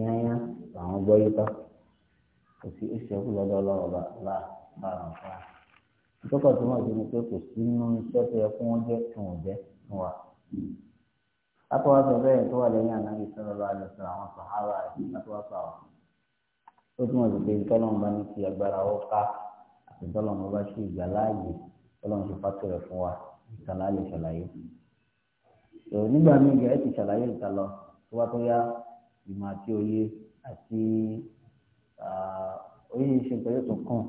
yányá làwọn gbọ́ yípa kò sí ìṣẹ́kù lọ́dọ̀ ọlọ́run bá bá àwọn fún wa ìtọ́kọ̀ tó wà nínú pé kò sí nínú iṣẹ́ tó yẹ kó wọ́n jẹ́ tó wọ́n jẹ́ fún wa. látọwọ́ sọ bẹ́ẹ̀ tó wà lẹ́yìn àná yìí sọ̀rọ̀ lọ́wọ́ àlọ́ sọ̀rọ̀ àwọn sàhárà rẹ̀ látọwọ́ sọ àwọn. ó túmọ̀ sí pé tọ́lọ́mù bá ní ti agbára ó ká àti tọ́lọ́mù bá ṣe ìgbà láàyè tọ́lọ́mù ṣe pàtó rẹ̀ fún wa ìtàlá ìmọ̀ àti òye àti oyè ìṣe pẹ̀lú tó kàn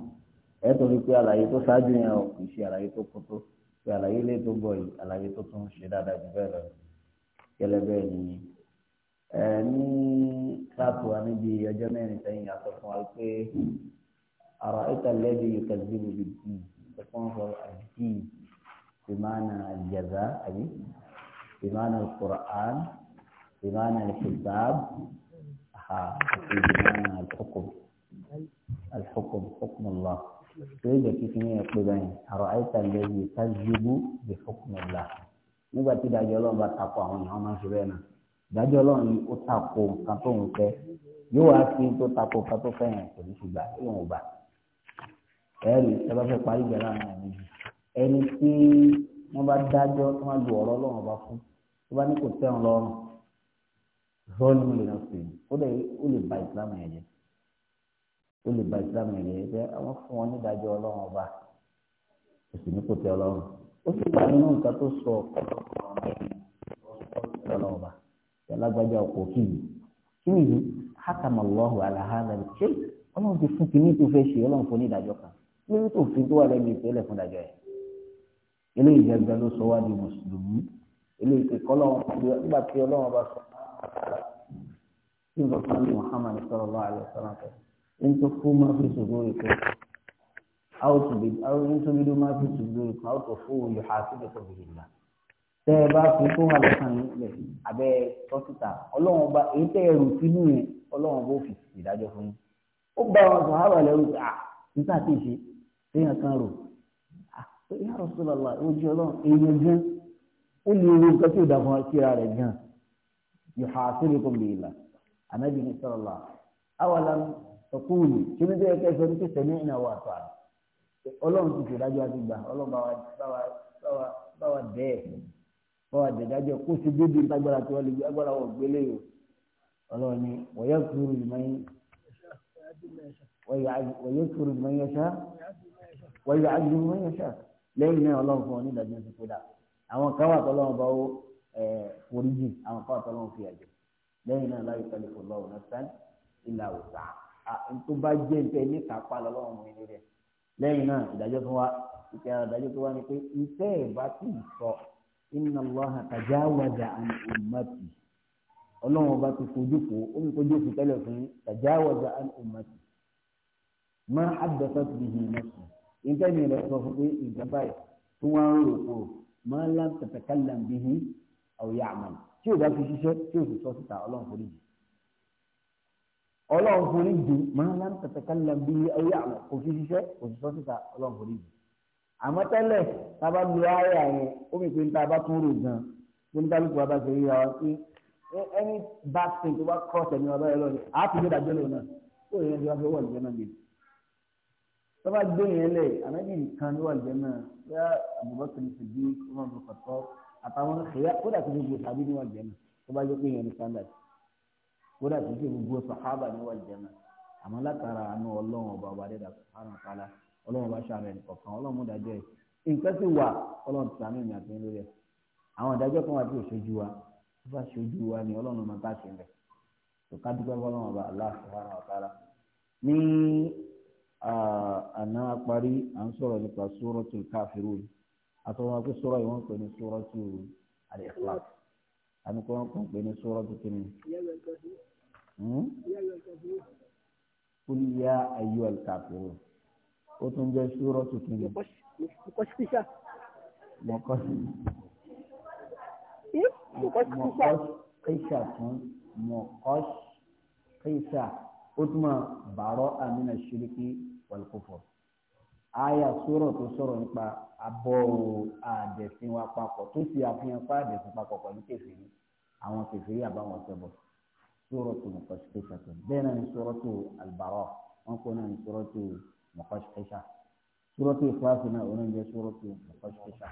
ẹ̀ tó rí pé àlàyé tó ṣáájú yẹn ò kì í ṣe àlàyé tó kótó pé àlàyé lè tó bọ̀ yìí àlàyé tó tún ṣe dáadáa jù bẹ́ẹ̀ lọ gẹ́lẹ́ bẹ́ẹ̀ nìyí. ẹ ní kíláàsì wa níbi ọjọ́ mẹ́rin sẹ́yìn a sọ fún wa pé ara ìta lẹ́bi yóò tẹ̀sí níbi dì ẹ̀fọ́n sọ àdì ìmáàna àjẹ̀dá àbí ìmáàna kùrán. بمعنى الحساب بمعنى الحكم الحكم حكم الله تيجي كيفني يقولون أرأيت الذي تكذب بحكم الله nígbà tí ìdájọ́ ọlọ́run bá takò àwọn èèyàn máa ń ṣe bẹ́ẹ̀ náà ìdájọ́ ọlọ́run ni ó takò nǹkan tó ń fẹ́ yóò wá sí tó takò nǹkan tó fẹ́ yẹn kò ní ṣùgbà tí òun gbà ẹ̀rí ẹ bá parí ìjà láàrin àwọn méjì ẹni tí wọ́n bá dájọ́ tí wọ́n lu ọ̀rọ̀ ọlọ́run ọba fún tó bá ní kò tẹ́ wọn lọ́rùn zọ́ọ̀lù mi lọ sí i ó dẹ̀ ó lè ba ìsìlámù yẹn jẹ́ ó lè ba ìsìlámù yẹn jẹ́ pé àwọn fún wọn nídàájọ́ ọlọ́run ọba kò sì ní kò tẹ ọlọ́run ó sì gbà nínú nǹkan tó sọ ọ̀pọ̀lọpọ̀ ọlọ́run ọba alágbájá ọkọ̀ kí ni kí ni yìí hákàmà lọ́hùn aláhàlà ṣé ọlọ́run ti fún kínní tó fẹ́ ṣe ọlọ́run fún nídàájọ́ kan lórí tó fi tó wà lẹ́nu ìpínlẹ̀ fún ìdájọ́ yẹn eléyìí gẹ́gẹ́ ló sọ wá di mùsùlùmí eléyìí pé kọ́lọ́run nígbà tí ọlọ́run bá tí n bàbá mi Muhammad sallallahu alaihi wasallam ń tó fún máa fi ṣòro ìkọ́ ń tó bídó máa fi ṣòro ìkọ́ àwọn tó fún òun yóò ha sí ìdẹ́kọ̀ bìrì là tẹ́ ẹ bá fi tó wà lọ́kàn nílẹ̀ abẹ́ tọ́sítà ọlọ́run bá èyí tẹ́ ẹrù sínú yẹn ọlọ́run bó fi ìdájọ́ fún yín ó bá wọn sọ àbá lẹ́rù pé à nígbà tí ì ṣe téèyàn kan rò àpéyà ah, Rasulullah ojú ọlọ́run èèyàn gan ó lè ro nǹkan tí ò dà fún ọ rẹ̀ gan-an yuhasibukum billah anabi ní sọlọlá awalam ọkùnrin kí ni bẹ́ẹ̀ kẹsẹ̀ ní kẹsẹ̀ ní ìnáwó àtọ́ àná ọlọ́run ti ṣèdájọ́ àti gbà ọlọ́run bá wa bá wa bẹ́ẹ̀ bá wa dẹ̀dájọ́ kó sì débi agbára tí wọ́n lè gbé agbára wọ̀ gbélé o ọlọ́run ni wọ́yẹ́ kúrú ìmọ̀yìn wọ́yẹ́ kúrú ìmọ̀yìn ẹ̀ṣá wọ́yẹ́ àjùmọ̀yìn ẹ̀ṣá lẹ́yìn náà ọlọ́run fún ọ ní ìdájọ́ ti pé dà àwọn káwà tọ́lọ́run bá wọ́n foríjì àwọn kan àtọ́ lọ́wọ́ fi àjọ lẹ́yìn náà láyé pẹ̀lú fún lọ́wọ́ náà sẹ́ni ìlà òsà tó bá jẹ́ nǹkan ní kápá lọ́wọ́ mi ní rẹ̀ lẹ́yìn náà ìdájọ́ tó wá ìkẹyà ìdájọ́ tó wá ni pé ìfẹ́ ìbá tí ì sọ inna Allaha tajawaza an ummati ọlọ́run ọba ti fojú fo ó ní fojú fo tẹ́lẹ̀ fún tajawaza an ummati ma haddathat bihi nafsi ìtẹ́ni rẹ̀ sọ fún pé ìjọba tó wá ń rò pò ma àwòyá àmọ́ tí ò bá fi ṣiṣẹ́ tí ò sì sọ síta ọlọ́run forí jì ọlọ́run forí jì máa ń tẹ̀tẹ̀ kálẹ̀ bí àwòyá àmọ́ kò fi ṣiṣẹ́ kò sì sọ síta ọlọ́run forí jì àmọ́ tẹ́lẹ̀ tábà lu ayé àyẹn ó mi pé níta bá tún rò gan tó ní kálukú bá ṣe yíra wa pé ẹni bá ṣe tó bá kọ́ ṣẹ̀mí ọba yẹn lọ́dẹ àá fi gbẹ́dàgbẹ́ lọ náà ó yẹn ti wá fẹ́ wọ̀ lùjẹ́ náà gbèdè tọ́ba gbé yẹn lẹ̀ ànájì nìkan ló wà lùjẹ́ náà yá àbúrò kìí ṣe bí ọmọ àbúrò àtàwọn ṣèyá kódà kí gbogbo sàbí ni wàá jẹun tó bá yẹ pé yẹn ní standard kódà kí gbogbo sàhábà ní wàá jẹun àmọ́ látara àánú ọlọ́run ọba wa dẹ́dà sàánù kálá ọlọ́run ọba ṣàrẹ̀ nìkọ̀kan ọlọ́run dájọ́ ẹ̀ nǹkan sì wà ọlọ́run ti sàánù ìyàtọ̀ ń lórí ẹ̀ àwọn ìdájọ́ kan wà tí ò wa tó bá ṣojú wa ni ọlọ́run ọmọ tá a ṣe ń bẹ̀ tó ká dúpẹ́ fọlọ́run ọba Allah subhanahu wa ta'ala ní àná parí à ń sọ̀rọ̀ nípa suratul kafirun àtọwọn pé sọ̀rọ̀ yìí wọn pè ní sọ̀rọ̀ tó al-Ikhlas àmì kí wọn kàn pè ní sọ̀rọ̀ tó kí ni. kúlíyà ayé alkafirun ó tún jẹ sọ̀rọ̀ tó kí ni. mọ̀kọ́ kíṣà tún mọ̀kọ́ kíṣà ó tún mọ̀ bàárọ̀ àmì nà ṣíríkì wal kufur àyà sọ̀rọ̀ tó sọ̀rọ̀ nípa abọ́ àdẹ̀sìn wa papọ̀ tó sì àfihàn pa àdẹ̀sìn papọ̀ pẹ̀lú kẹfìrí àwọn kẹfìrí àbáwọn ṣẹbọ sọ̀rọ̀ tó mọ̀kọ́ṣẹ́ṣà bẹ́ẹ̀ náà ni sọ̀rọ̀ tó àlùbárọ̀ wọn kò náà ni sọ̀rọ̀ tó mọ̀kọ́ṣẹ́ṣà sọ̀rọ̀ tó ìfúrásì náà òun jẹ́ sọ̀rọ̀ tó mọ̀kọ́ṣẹ́ṣà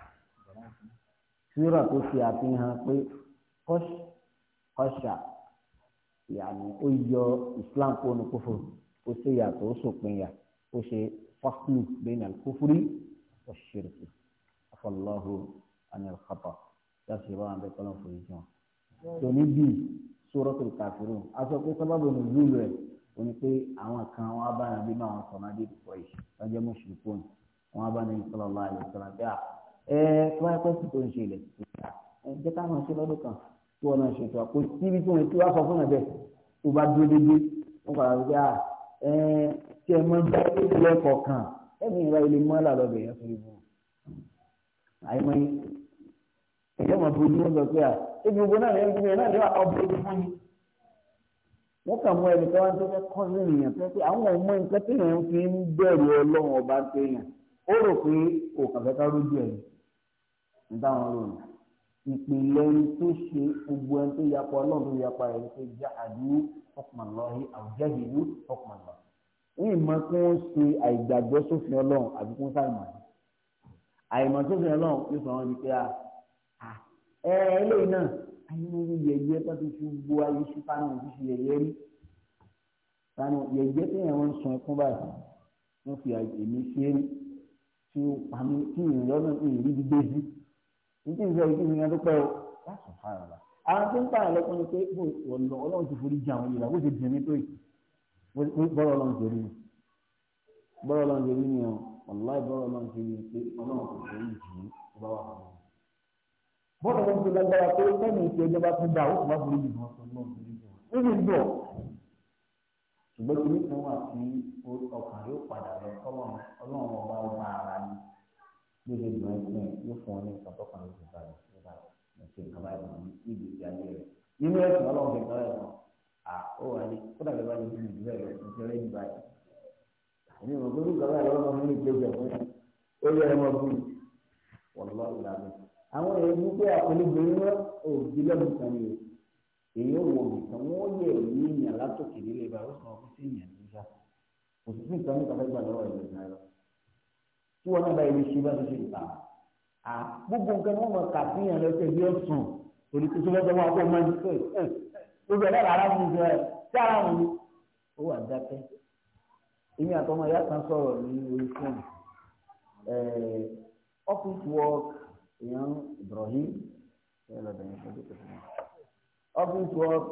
sọ̀rọ̀ tó sì àfihàn pé kọ́ṣà faslu bayna al-kufri wa shirki afallahu anil khata láti ṣe bá wọn bẹ kọ́lọ́ fòye jọ. tó ní bíi suratul kafirun aṣọ pé sábàbí òun ìlú rẹ̀ ó ní pé àwọn kan wọn bá nàbí bá wọn sọ̀rọ̀ adé pọ̀ yìí lọ́jọ́ mushrikun wọn bá nàbí sallallahu alaihi wasallam bí a ẹ tí wọ́n pẹ́ sí tó ń ṣe ilẹ̀ ẹ jẹ́ káwọn ṣe lọ́dún kan tí wọ́n náà ṣètò àpò síbi tí wọ́n ti wá sọ fún ẹ̀ bẹ́ẹ̀ tó bá dúró déédéé wọ́n padà wípé kí ẹ mọ dá lójú lẹ́kọ̀ọ̀kan ẹ̀mí ìwà ilé mọ́là lọ́bẹ̀ yẹn fún ibù àìmọ́ yín ẹ̀jẹ̀ mọ̀ bójú ló sọ pé à ebi gbogbo náà yẹn gbogbo yẹn náà lè wà ọ̀bọ̀ ojú fún mi. wọ́n kà mú ẹnì kan wá tó fẹ́ kọ́ sí ènìyàn tó pé àwọn ọmọ nǹkan tí èèyàn fi ń bẹ̀rù ọlọ́run ọba ń tẹ̀yàn ó rò pé kò kàn fẹ́ ká rójú ẹ̀ ní táwọn rò ní ìpìlẹ̀ ẹni tó ṣe gbogbo ẹni tó yapa ọlọ́run tó yapa ẹni tó já àdúró ọkùnrin lọ́hìn àwùjá ìlú ọkùnrin lọ́hìn ní ìmọ̀ kí wọ́n ṣe àìgbàgbọ́ sófin ọlọ́run àbí kí wọ́n sàìmọ̀ ní. àìmọ̀ sófin ọlọ́run yóò sọ wọn di pé ẹ eléyìí náà ayélujára yẹyẹ tó ti fi gbó ayé sí fáwọn òṣìṣẹ́ yẹyẹ rí fáwọn yẹyẹ tí wọ́n ń sun ẹkún báyìí wọ́n fi èmi ṣe rí tí ó pa tí ìrọ̀lọ́ ìrí gbígbé sí títí ìfẹ́ ìdí ìrìn àdúpẹ́ o láti fara la àwọn tó ń pààlọ́ kan ni pé ọlọ́run ti forí jẹ àwọn yìí bọ́rọ̀ lọ́n ṣe rí ni bọ́rọ̀ lọ́n ṣe rí ni ọ wàláì bọ́rọ̀ lọ́n ṣe rí ni pé ọlọ́run kò ṣe yìí jù ú bá wà fún mi. bọ́rọ̀ lọ́n ṣe lágbára pé sẹ́mi ìṣe ẹjọ́ bá tún dá ó sì má burú jù wọn fún lọ́n burú jù ó sì bọ̀ ṣùgbọ́n kí nìkan wà tí ọkàn yóò padà lọ ọlọ́run ọba ọba ara ni bí ó ṣe dùn ẹ́ yóò fún ọ ní nǹkan tọkàn ló ó wà ní kódà bí wàá ní bí ìdílé rẹ ní ìjọba ìgbà yìí àmì ìmọ̀ gbogbo gbàgbà rẹ wọn mú ìjọ ìjọ fún ó yẹ ẹ mọ bú mi wọn lọ ìlànà àwọn èèyàn mú pé àpolóbìnrin náà ò di lẹ́nu kan ni èyí ò wò mí kan wọ́n yẹ èyí ìyàn látòkè nílé ibà ó sàn ọkọ sí ìyàn nígbà kò sí sí nǹkan nípa fẹ́ gbà lọ́wọ́ ìlú náà lọ gbogbo ẹ̀dá rárá mi jẹ ṣé ara mi ni ó wà dákẹ́ èmi àtọmọ ìyá kan sọ̀rọ̀ ní orí fóònù office work èèyàn Ibrahim office work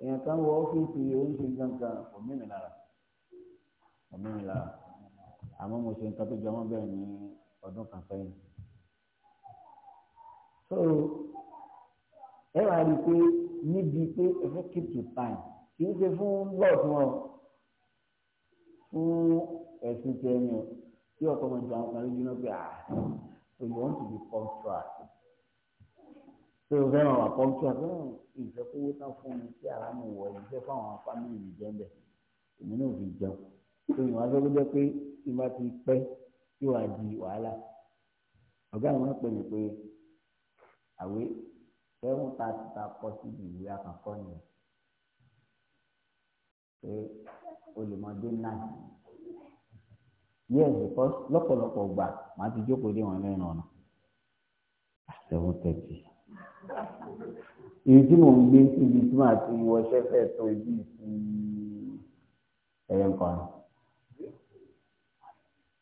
èèyàn kan wọ ọ́fíìsì oríṣi gangan òmìnira òmìnira àmọ́ mo ṣe nǹkan tó jọmọ́ bẹ́ẹ̀ ní ọdún kan sẹ́yìn ẹ wàá rí i pé níbi pé ẹ fẹ́ keep to time kì í ṣe fún lọ́ọ̀ fún ọ fún ẹ̀sìn tí ẹni o tí ọkọ ọmọ ìjọ àwọn kan lójú náà pé ah so you want to be punctual so o fẹ́ràn wà punctual fẹ́ràn ìfẹ́kówó tán fún mi tí ara mi wọ̀ ẹ̀ jẹ́ fáwọn family mi jẹ́ bẹ̀ èmi náà fi jẹun so ìwọ̀n afẹ́kọ́ jẹ́ pé tí ti pẹ́ yóò wá di wàhálà ọ̀gá àwọn pè mí pé àwé sẹ́wọ̀n tá a ti ta kọ́ síbi ìwé àkàkọ́ yẹn pé olùmọdé náà yes because lọ́pọ̀lọpọ̀ gbà màá ti jókòó dé wọn lẹ́nu ọ̀nà seven thirty ibi tí mò ń gbé síbi tí màá ti wọṣẹ́ fẹ́ tó ibi sí ẹ̀yẹ nǹkan rẹ̀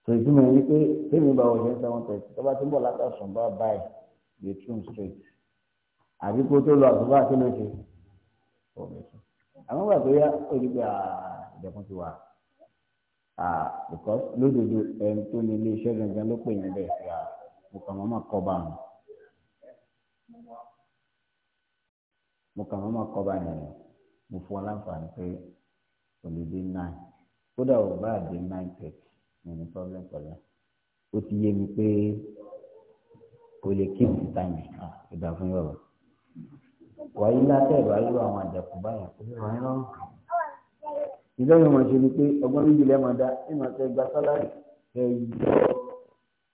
so ìtumọ̀ yìí pé tèmi bá wọṣẹ́ seven thirty tó bá ti ń bọ̀ látàsùn bá báyìí the tune straight àbí kó tó lọ àtúbà tó lọ ṣe ọ̀bẹ sùn àwọn ìgbà tó yá ó di pé ìdẹ̀kùn ti wà because lódodo ẹni tó ní ilé iṣẹ́ gangan ló pè yín bẹ́ẹ̀ sí mo kàn máa kọ́ bá mi mo kàn máa kọ́ bá yẹn mo fún ọ pé kò nine kódà ò bá dé nine thirty mi ní problem pẹ̀lú ó ti yé mi pé kò lè keep the time ìdá fún yọ̀rọ̀ wàyí látẹ̀ ìbáyé wà àwọn àjàkú báyà kó lè wáyé lọ́rùn. ìdánwò ìmọ̀ ṣe ni pé ọgbọ́n méjì lẹ́mọ̀ dá ìmọ̀ tẹ gba sálárì ẹ yọ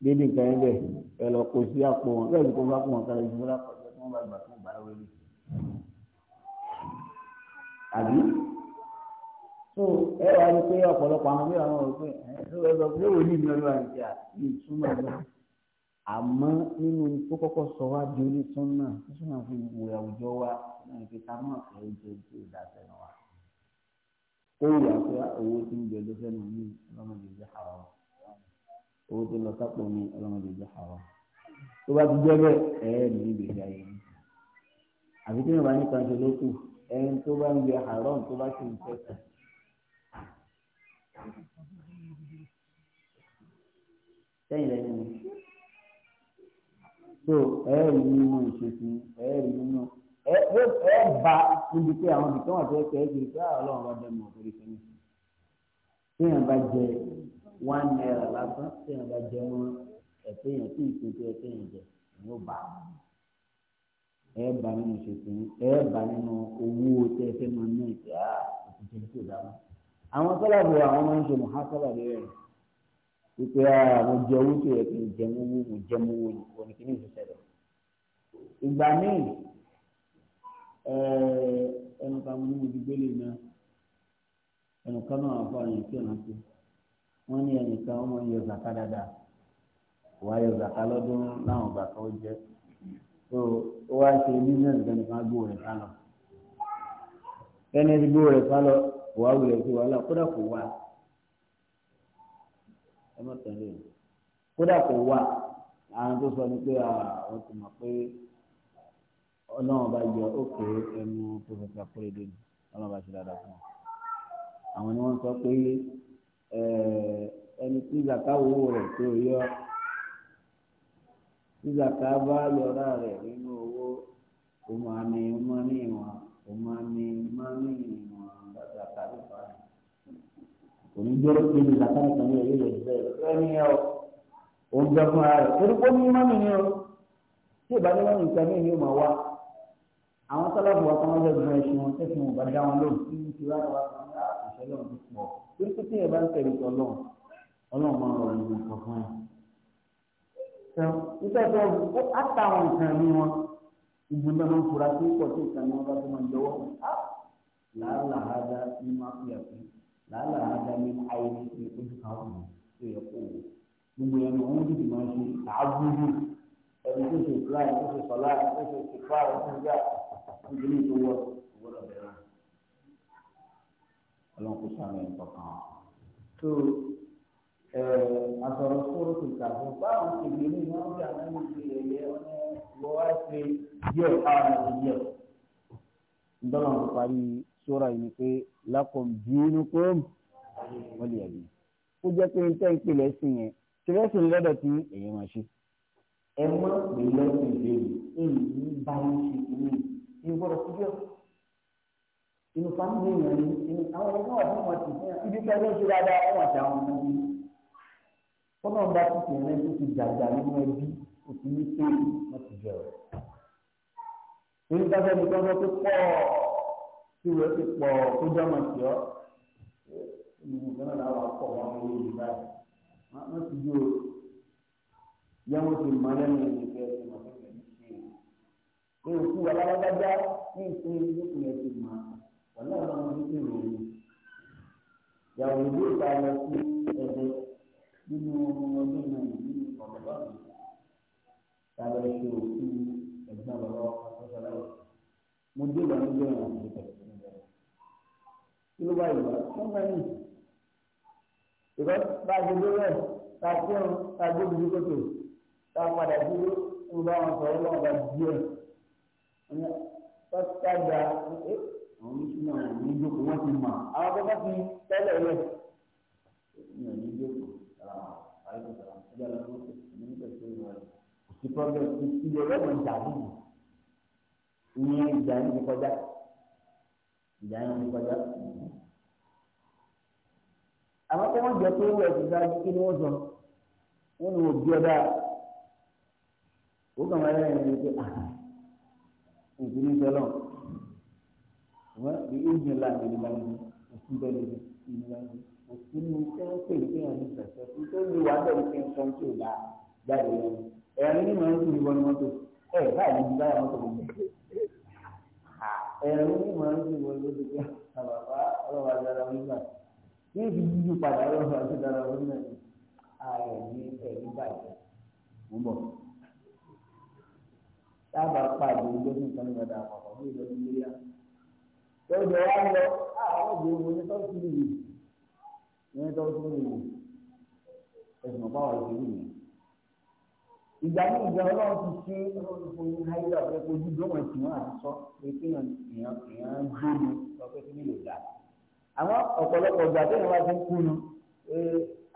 dédé nǹkan ẹ bẹ̀ ẹ lọ kó sí àpò wọn bẹ́ẹ̀ ni kó bá kó wọn kálẹ̀ ìṣúná lápapọ̀ tí wọ́n bá gbà fún ìbára wẹ́lẹ̀. àbí tó ẹ wá ní pé ọ̀pọ̀lọpọ̀ àwọn ilé àwọn òfin ẹ̀ tó ẹ sọ pé ó wò ní ìdí ọdún àti àmọ́ nínú tó kọ́kọ́ sọ wá di onísùn náà sísun náà fi wo àwùjọ wa náà fi ká mọ̀ pé ó jẹ ojú ìdásẹ́ náà wá. ó yà pé owó tí ń jẹ ló fẹ́nu ní ọlọ́mọdé jẹ́ àrọ́ owó tó lọ sápò ní ọlọ́mọdé jẹ́ àrọ́ tó bá ti jẹ́ bẹ́ẹ̀ ẹ̀ ẹ́ ní ìgbésí ayé yìí. àfi tí yorùbá nípa ṣe ló kù ẹni tó bá ń jẹ àrọ́ tó bá ṣe ń tẹ̀sán. sẹ́yìn so ẹ̀ẹ́rì nínú ìṣètì ẹ̀ẹ́rì nínú ẹ̀ bá níbi pé àwọn nìkan wà tó ẹ̀ kẹ́ẹ́ kiri pé ah, ọlọ́run bá dẹ́mu òkèrè fún mi. téèyàn bá jẹ one naira lásán téèyàn bá jẹ mọ́ ẹ̀tẹ́yàn tí ìṣètò ẹ̀tẹ́yàn jẹ ìyó bá ẹ̀ bá nínú ìṣètì ẹ̀ bá nínú owó tẹ́ ẹ fẹ́ mọ ah, ní ìgbà òkùnkùn tó dáná. àwọn sábàbí àwọn máa ń ṣe mọ̀ wípé ah, mo jẹ owó tó yẹ kí n jẹ mú mo jẹ mú ni wọn kì í ní ìṣẹ̀lẹ̀ ìgbà míì ẹnu kan mo ní mo ti gbélé náà ẹnu kan náà wà fún àyàn tí ò rántí wọn ní ẹnìkan ọmọ yọ zaka dáadáa wàá yọ zaka lọ́dún láwọn ọgbà kan ó jẹ so ó wá ṣe business gan nìkan rẹ sálọ ẹni tí rẹ sálọ wàá wulẹ̀ sí wàhálà kódà kò wá. ẹ má tẹ̀lé o kódà kò wà àwọn tó sọ ni pé àwọn ti mọ̀ pé ọlọ́run bá yọ òkè ẹnu pòfẹ́sà kúrèdè ni ọlọ́run bá ṣe dáadáa fún wọn. àwọn ni wọ́n sọ pé ẹni tí zaka rẹ̀ tó yọ tí zaka bá yọra rẹ̀ nínú owó òní gbọ́dọ̀ pé ní zaka nìkan ní ẹ̀yẹ́ lọ́dún bẹ́ẹ̀ ẹni ẹ ọ òun jẹ fún ara rẹ̀ torí pé ó ní mọ́mì ni o tí ìbàdàn wọn nìkan ní ìlú màá wá àwọn sálábù wa kọ́mọ́ bẹ́ẹ̀ gbọ́n ẹṣin wọn tẹ̀sí wọn bá dá wọn lóhùn tí wọ́n ti wá wá ah, ìṣẹ́ lọ́run ti pọ̀ torí pé tí ẹ bá ń tẹ̀lé tọ́ lọ́run ọlọ́run máa ń rọ ìlú nǹkan fún ẹ. nígbà tó ó àtàwọn nǹkan mi wọn ìgbìmọ̀ náà máa ń fura sí pọ̀ tí ìkànnì wọn bá tó máa jọwọ́ ah, láàlàá làálà àdá ní ayé ní ojú kan wù tó yẹ kó wò gbogbo yẹn ní wọn dìde máa ń ṣe àbúrò ẹni tó ṣe ìfúláì tó ṣe sọlá tó ṣe ìfúláì tó ṣe gbà nítorí tó wọ ìwọlọ bẹ̀rẹ̀ Ọlọ́run kò sáré nǹkan kan tó àsọ̀rọ̀ sọ̀rọ̀ tó ta fún báwo ṣe lè ní wọn bí àwọn ẹni ṣe yẹyẹ ọmọ wọn wá ṣe díẹ̀ káwọn ẹni díẹ̀ sóra yìí ni pé lakum dinukum waliya din kó jẹ́ pé n tẹ́ ń pè lẹ́sìn yẹn tìrẹ́sìn lọ́dọ̀ tí èèyàn máa ṣe. ẹ má pè lẹ́sìn léyìí èyí ń bá ń ṣe ìlú ní gbọ́dọ̀ síbíọ̀ inú fámìlì yẹn ni inú àwọn ẹgbẹ́ wà fún wọn ti fi hàn ibi tí wọ́n ṣe dáadáa wọ́n àti àwọn ọmọ yìí. fọ́nà bá ti tẹ̀ ẹ́ tó ti dàgbà nínú ẹbí kò ti ní kéèyàn wọ́n ti jẹ́ rẹ̀ tí wọ́n ti pọ̀ tó jọ́mọ̀ sí ọ́ ìlú náà làwọn akọ̀ wọn ní ìlú báyìí wọ́n ti dúró yẹ́wọ́n ti mọ lẹ́nu ìgbẹ́ ti mọ̀ fún ìgbẹ́ ṣe é òkú alágbájá ní ìpín ìpínlẹ̀ ti mọ̀ wọ́n náà lọ́wọ́ ní ìròyìn yàwó ìlú ìta lọ sí ẹgbẹ́ nínú ọdún náà nínú ọ̀pọ̀lọpọ̀ ta lọ ṣe òkú ẹ̀gbọ́n lọ́wọ́ mo dé ìlànà ìgbẹ́ ìrìn àjò kí ló bá ìwà fún mẹ́rin ìgbà bá a gbogbo rẹ̀ ta kírun ta gbóbi ní kòtò ta padà dúró ń bá wọn sọ̀rọ̀ lọ́wọ́ bá díẹ̀ tọ́ta gba ẹ àwọn oníṣúná ní ìjókòó wọ́n ti mọ̀ àwọn tó bá ti tẹ́lẹ̀ rẹ̀ ní ọ̀nà ìjókòó àìsàn ìjà lọ́wọ́ ní ìpèsè ìwà rẹ̀ kò sí pọ́ńbẹ́ ìṣiyẹ̀wé ọ̀nà ìjà nìyí ìyẹn ìjà nìyí kọjá ìyá yẹn ń kọjá. àmọ́ kí wọ́n jẹ pé wọ́n ẹ̀sìn sáájú kí ni wọ́n sọ wọ́n ní òbí ọ̀dà ó kàn wọ́n ah, ẹlẹ́yìn ní pé ìpínlẹ̀ sọlọ́ wọ́n ní ìjìn láàbì ní báyìí òsì bẹ́ẹ̀ ní báyìí òsì ní sẹ́ńpẹ̀ ìpínyà ní sẹ̀sẹ̀ tí tó ní wàá bẹ̀rẹ̀ fi ń sọ tí jáde lẹ́nu ẹ̀rín ní mọ̀ ẹ́ ń kú ìbọn mọ́tò ẹ̀ báyìí ní báyà mọ́tò mọ́tò ẹ̀rù máa ń ah, fi wọ ìwé tó kí àbàbà ọlọ́wà dára wọn náà bí èdè yíyí padà ọlọ́wà tó dára wọn náà ni ààrẹ ní ẹ̀rí bàjẹ́ ń bọ̀. dábàá pàdé lórí nǹkan ní ọ̀dà àpapọ̀ ní ìlú nàìjíríà. lọ́jọ́ wa lọ ah, àwọn obìnrin wọn ní tọ́sí nìyí ní tọ́sí nìyí ẹ̀sùn ọ̀pá wà lóṣèlú yìí ìgbà ní ìgbà ọlọ́run ti ṣe ọlọ́run fún yín háyé ọ̀pẹ ojú gbọ́mọ̀ tí wọ́n àti sọ pé kí èèyàn èèyàn gbé mi sọ pé kí nílò dà. àwọn ọ̀pọ̀lọpọ̀ ìgbà tó yẹn wá ti ń kú nu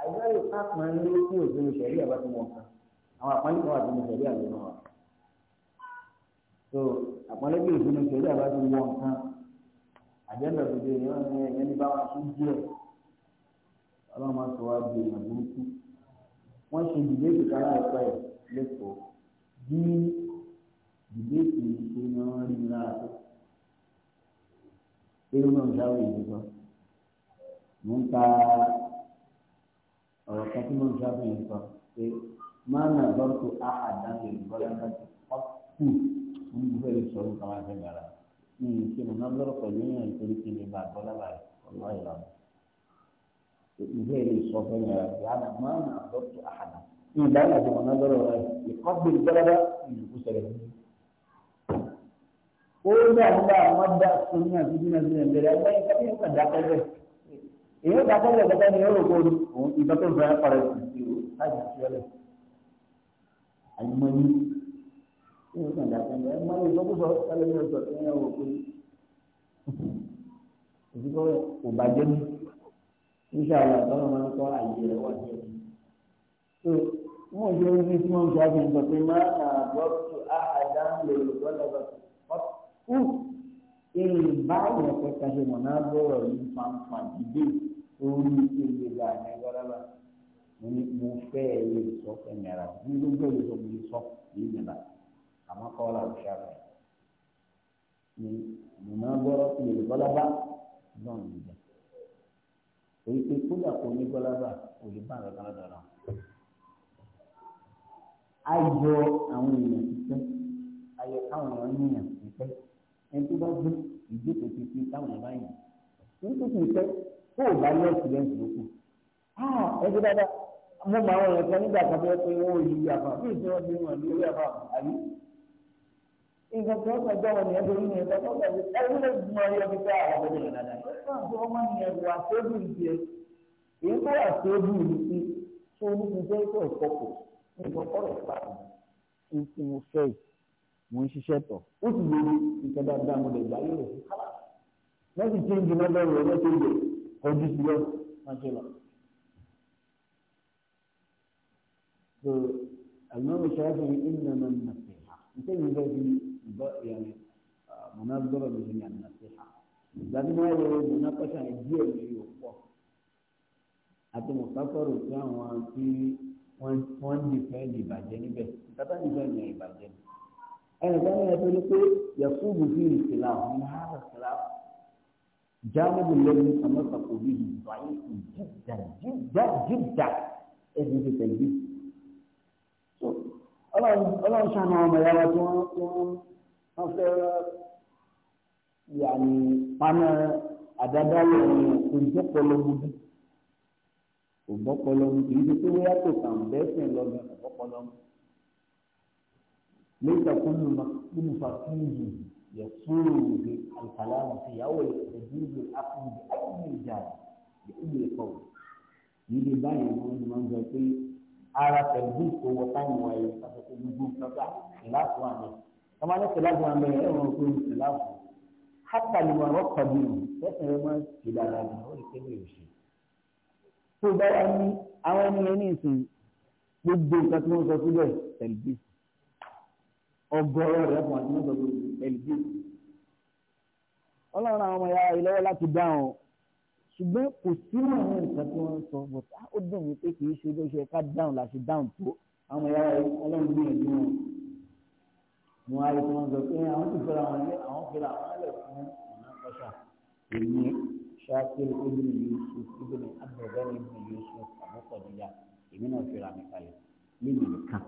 àìsàn yóò ká kan ní kí òfin ìṣẹ̀lẹ̀ àbá ti wọ̀n kan àwọn àpọ́nlé kan wà tó ń àbí wọn so àpọ́nlé bí òfin ìṣẹ̀lẹ̀ àbá ti wọ̀n kan àjẹ́ńdọ̀ tó dé ẹni bá wọn tún díẹ̀ ọlọ́run máa sọ wá lẹ́kọ̀ọ́ bí ìbéèkì ṣe máa ń rí lára tó. Eré náà dáwọ́ ìlú gan. Mo ń ka ọ̀rọ̀ kan tí mo ń sábà yẹn sọ pé máa nà lọ́tò àhàdáńgẹ̀ ìbọ́lá náà ọ̀pù ń bẹ̀rẹ̀ sọ̀rọ̀ káwá fẹ́ gbàrà. Mi ì ṣe mọ̀ náà lọ́rọ̀ pẹ̀lú èèyàn nítorí kí n lè bá a bọ́lá báyìí ọ̀lá ìlànà. Ìbéèrè sọ fẹ́ yàrá ìyá náà máa nà lọ́tò àhàdáńgẹ̀ ní ìdáhùn àti ọ̀nà lọ́rọ̀ rẹ̀ ìkọ́gbé ìjọba ìlú sọ̀rọ̀. ó dà nígbà wọn dá fún ní àtijọ́ náà sílẹ̀ bẹ̀rẹ̀ ẹgbẹ́ ìkàtí yóò kàn dákọ́ bẹ̀. èyí dákọ́ bẹ̀ lọ́gbà ni yóò kó òun ìbá tó fẹ́ pàrọ̀ ìsìnkú láti àṣeyọlẹ̀. àyùmọ̀ yìí yóò kàn dákọ́ bẹ̀ ẹgbẹ́ ìgbọ́kúsọ kálẹ̀ yóò sọ wọn jẹ́ ibi tí wọ́n jáde ń gbọ̀gbẹ́ máa nà àbọ̀tù àhàdá ń lè lọ́dọ̀ lọ́dọ̀ fọ́tù ìbá yẹn kẹta ṣe mọ̀ náà bọ̀rọ̀ yìí fanfa dìde orí ìpele gba àyẹ̀wọ́lábà mo ní mo fẹ́ ẹ lè sọ ẹ̀mí ara mi ní gbogbo ẹ̀ lè sọ mo lè sọ yìí nìlá àmọ́ kọ́ ọ́lá òṣà rẹ̀ ni mo máa bọ̀rọ̀ ìpele bọ́lábà náà nìyẹn èyí pé kódà kò ní bọ́lábà kò lè bá àgbàkan náà ayọ àwọn èèyàn ṣiṣẹ́ ayọ káwọn èèyàn níyàn ṣiṣẹ́ ẹni tó bá gbé ìjókòó ti fi káwọn èèyàn bá yàn nítorí kìí ṣe kó o bá yẹ ẹsìdẹ́ǹtì lókù ẹgbẹ́ dáadáa mo mọ àwọn èèyàn kan nígbà kan tó yẹ pé wọ́n ò yí àbá bí ìṣe wọn ti wọn lórí àbá àbí nǹkan tó ń sọjọ́ wọn ni ẹgbẹ́ yìí ni ẹgbẹ́ tó ń sọ ẹgbẹ́ lè mú ọ yọ fífẹ́ àwọn ọmọdé rẹ̀ dáadáa ẹgbẹ́ wọn ni ẹgbẹ́ wà sébù ìṣe èyí tó wà sébù ìṣe tó ń lọ kọ́rọ̀ pàtó ń tí mo fẹ́ yìí mo ń ṣiṣẹ́ tọ̀ ó sì lè nǹkan dáadáa mo lè gbà yóò rẹ̀ kálá lẹ́sìn tí ń di lọ́dọ̀ọ̀rọ̀ lọ́sìn ìgbẹ́ ọdún sí lọ́wọ́ máa ṣe lọ. so alimami ṣáájú ni ìnà máa ń nàṣẹ ha nítorí nígbà tí ìbá ìyàrá mọ̀nà gbọ́dọ̀ lè ní àná nàṣẹ ha ìgbà tí wọ́n lè mọ̀nà kọ́ṣà ìdí ẹ̀ lè yọ̀ pọ̀ àti mọ̀sáfọ́rù tí àwọn tí wọ́n ń dìfẹ́ǹdì ìbàjẹ́ níbẹ̀ ìtàbá dìfẹ́ǹdì ìbàjẹ́ ẹnìkan yẹn tó ní pé yasubu fi ìsìlá ọ̀hún hàrà ìsìlá jáwébi lẹ́nu àmọ́sàkó bí ìbáyé ìjìjà jíjà jíjà ẹ̀sìn ti tẹ̀lé. ọlọ́run sànà ọmọ ìyá wa tí wọ́n fẹ́ yàní paná àdádálẹ̀ ọ̀hún kò jẹ́ pọlọ́mọdé kò gbọ́pọlọ mu kì í ṣe pé wíyá tó kàn bẹ́sẹ̀ lọ́gbìn kò gbọ́pọlọ mu. lẹ́yìn àkóónú nínú fàkíyì yẹ̀sùrù bí àlùkàlámù sí ìyàwó ìdíje àkùnjẹ àkùnjẹ ìjà ìdíje ìkọ̀ níbi báyìí ni wọ́n máa ń sọ pé ara tẹ̀lifí tó wọ táwọn wáyé àtẹ̀kọ́ gbogbo kọ́kà ìlàkùn àná tọ́mọdé kìláàfù àmì ẹ̀ wọ́n kó kìláàfù hátàlùmọ̀ ọ̀rọ̀ kọ̀ọ̀dù ẹ̀sìn rẹ̀ tó bá wà ní àwọn ẹni ẹni ìsìn gbogbo nǹkan tí wọ́n sọ síbẹ̀ tẹ̀lifí ọgọ́rọ̀ rẹ̀ fún àti wọ́n sọ síbẹ̀ tẹ̀lifí. ọlọ́run àwọn ọmọ ya ìlọ́wọ́ láti dá wọn ṣùgbọ́n kò sí àwọn nǹkan tí wọ́n sọ bọ̀ tá ó dùn mí pé kì í ṣe bó ṣe ká dáhùn láti dáhùn tó àwọn ya ọlọ́run gbìyànjú wọn mo á rí tí wọ́n sọ pé àwọn ti fẹ́ra wọn lé àwọn fẹ́ra wọn lẹ̀ fún ọ̀nà ọ̀ṣà èmi Shakir ibn Yusuf ibn Abdullah ibn Yusuf àbúkọ̀díyà èmi náà fi ra mi kalẹ̀ níbi nìkan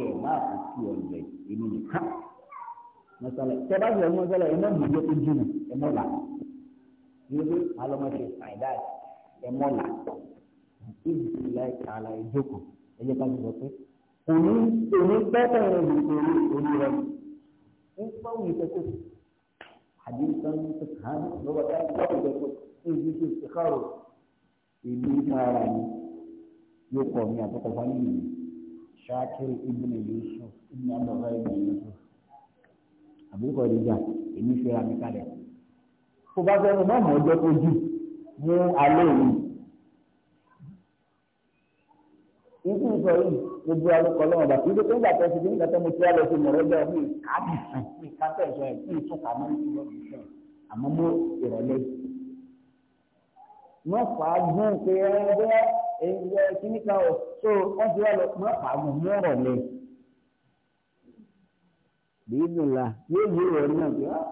ẹ máa kó two hundred èmi nìkan mọ̀sálẹ̀ tẹ́lá sí ọmọ sẹ́lẹ̀ ẹ̀mọ́ ìdíje tó jìnnà ẹ̀mọ́ là yóò alọ́mọṣe àìdá ẹ̀mọ́ là ìdílé àlà ìjókòó ẹ̀jẹ̀ ká ti sọ pé òní òní pẹ́ẹ́tẹ̀ rẹ̀ lè ṣe orí rẹ̀ ń pọ́wù ìṣẹ́kọ̀ọ́ hadisan sahabi ló wà ká ló wà tó ebi tó sèkárò èmi ara mi yóò kọ mi àtọkọ fún mi Shakir ibn Yusuf ibn abdullah ibn Yusuf àbúkọ ìdíjà èmi fi ra mi kalẹ̀ kó bá fẹ́ mi gbogbo alukọ lọ́wọ́ bá kí ló tó ń gbà tẹ́sí bí ń gbàtẹ́ mo ti wá lọ sí mọ̀rọ́dọ̀ mi káàbì sàn mi kápẹ́ ìṣọ́ ẹ̀ kí n tún kà máa ń tún lọ́wọ́ ìṣọ́ àmọ́ mo ìrọ̀lẹ́. wọ́n fà á gún pé ẹgbẹ́ ẹgbẹ́ kíní ò tó wọ́n ti wá lọ wọ́n fà á gún mọ́ ìrọ̀lẹ́. bíbélà yóò yí ìrọ̀lẹ́ náà ah,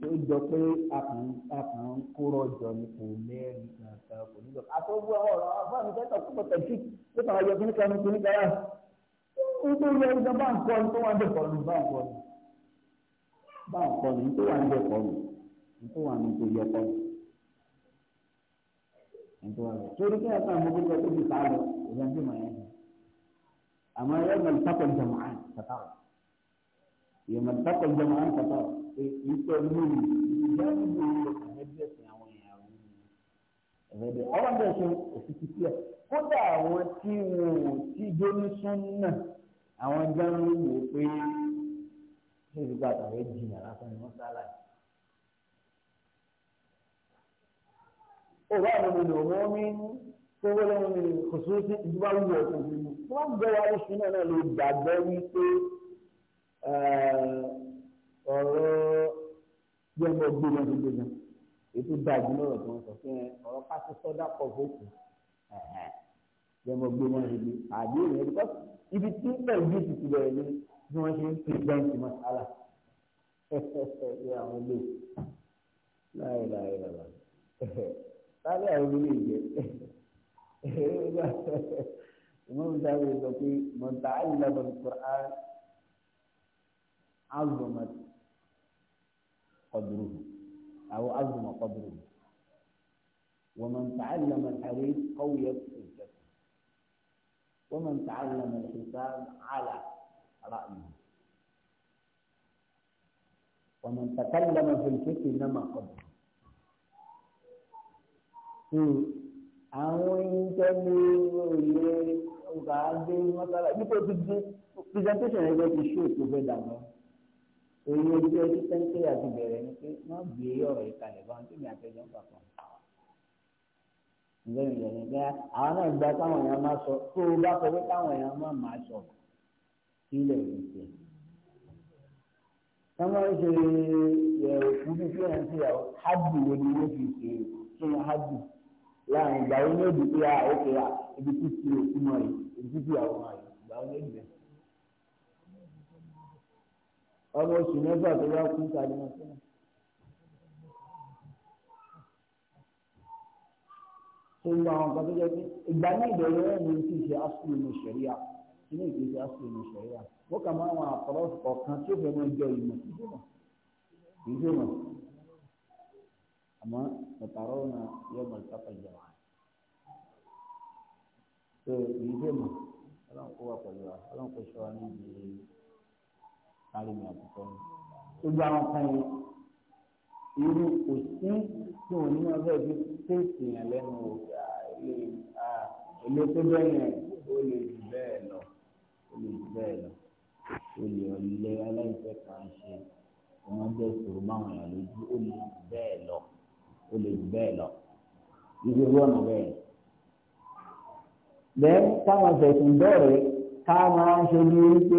tó jọ pé akàn kúrò jọ ní kò mẹ́rin kankan kò ní jọ àtọ́gbọ́ ọ̀rọ̀ àbá mi kẹ́kọ̀ọ́ kó pọ̀tẹ́ sí pé kàwé yọ ní kíníkà yá nítorí yẹ ìjọ bá ń kọ́ ni tó wà ń dẹ̀kọ́ ni bá ń kọ́ ni bá ń kọ́ ni tó wà ń dẹ̀kọ́ ni tó wà ní ìtòyẹ kọ́ ni tó wà lọ. torí kí ẹ̀ka àwọn ọmọdé tó fi sáà lọ ìyá ń bímọ yẹn àmọ́ yẹ pé kì í pẹ̀lú ìlú ìjọba ìlú e ìlú ọ̀kànlẹ̀ bí ẹ̀sìn àwọn ìyàwó e. ẹ̀rẹ́dẹ̀ ọ̀rọ̀ bẹ́ẹ̀ ṣe òfìsì sí ẹ̀ kódà àwọn tí wọn ò tí gbóni sún náà àwọn jáwé wò ó pé ṣé ìdúgbò àtàwọn jìnnà lásán ni wọ́n sálà yìí. òwò àwọn ènìyàn wọn ní kówó lẹ́wọ̀n ní kòsó sí ìdúgbà wù ọ̀kọ̀ òfin mu wọ́n gbọ́ wa lóṣù náà lè gbàgbọ́ wípé ọ̀rọ̀ bí ọmọ gbé lọ gbogbo náà ètò dájú lọ́rọ̀ tó ń sọ fún ẹ ọ̀rọ̀ pàṣẹ sọ́dà pọ̀ fóòkù bí ọmọ gbé lọ gbogbo àbí èèyàn bí kọ́sì ibi tí pẹ̀lú bí ti ti bẹ̀rẹ̀ ni bí wọ́n ṣe ń fi bẹ́ǹtì mọ́sálà ẹ àwọn ilé láì láì lọ́la sálẹ̀ àwọn ilé ìjẹ́ ìmọ̀n dáwọ́ sọ pé mọ̀tàlá lọ́dọ̀ kùrán azọ̀mọ̀tì. قدره أو عظم قدره ومن تعلم الحديث قوي حجته ومن تعلم الحساب على رأيه ومن تكلم في الفقه نما قدره àwọn ìjẹ́ni òye ọgbà gbé mọ́tàlá nípa ti di presentation ẹgbẹ́ ti ṣó ètò fẹ́ dàgbà. èrò ojú ọdún pẹ́ńpẹ́ àti bẹ̀rẹ̀ ni pé wọ́n gbé ọ̀rọ̀ ìkàlẹ̀ bá wọn tí mi àtẹ̀jọ́ ń papọ̀. ìgbẹ́ mi lẹ́yìn pé àwọn náà gba káwọn èèyàn máa sọ tó o bá sọ pé káwọn èèyàn máa máa sọ sílẹ̀ ìṣẹ̀. sọ́mọ́ ń ṣe ẹ̀rọ bí kí ń ṣe ẹ̀rọ hajj wo ni wọ́n fi ṣe kí wọ́n hajj láàrin ìgbà wo ni ó di pé a ó kẹ́ ibi títí òkú mọ́ rẹ̀ ibi títí àwọn àyè ìgbà wo ni ọmọ oṣù mẹ́fà tó bá kú ta ni wọ́n fẹ́. tó ń bá àwọn kan tó jẹ́ pé ìgbà ní ìbẹ̀rẹ̀ rẹ̀ ni kì í ṣe asúlù ní ṣẹ̀ríà kí ní kì í ṣe asúlù ní ṣẹ̀ríà wọ́n kà máa wọn àpọ̀lọ́ ọ̀kan tí ó fẹ́ mọ́ jọ ìmọ̀ kì ṣe mọ̀ àmọ́ mọ̀tàrọ́ náà yọ mọ̀ ìtàkà ìjọba tó kì í ṣe mọ̀ ọlọ́run kó wà pẹ̀lú wa ọlọ́run kó ṣọ́ wa níbi kárí mi àtúntọ́ ni gbogbo àwọn kan yìí irú kò sí tí òun ní ọjọ́ ìbí tèèsì yẹn lẹ́nu òkè ilé ilé tó bẹ́ẹ̀ yẹn ó lè jù bẹ́ẹ̀ lọ ó lè jù bẹ́ẹ̀ lọ ó lè ọ̀lẹ́ aláìsẹ̀ kan ṣe wọ́n jẹ́ ìṣòro máwọn èèyàn lójú ó lè jù bẹ́ẹ̀ lọ ó lè jù bẹ́ẹ̀ lọ ibi irú ọ̀nà bẹ́ẹ̀. bẹ́ẹ̀ táwọn ẹ̀sìn bẹ̀rẹ̀ káwọn ṣe wípé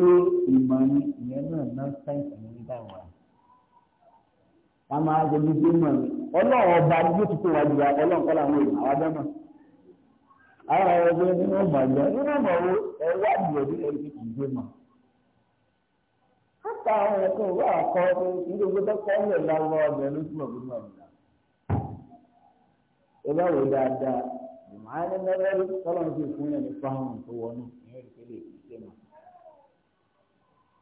ìmọ̀ ni. na náà nọ́ńsẹ̀ǹsì ní nígbà wà. ká máa jẹ bí bí mọ̀ ní ọlọ́run ọba yóò ti kó wa ọlọ́run kọ́ làwọn èèyàn àwọn abẹ́mọ̀. àwọn ọ̀rọ̀ ẹgbẹ́ nínú ọmọ ìlọ nínú kì í gbé mọ̀. káta àwọn ẹ̀kọ́ ìwé àkọ́ gbogbo ló gbogbo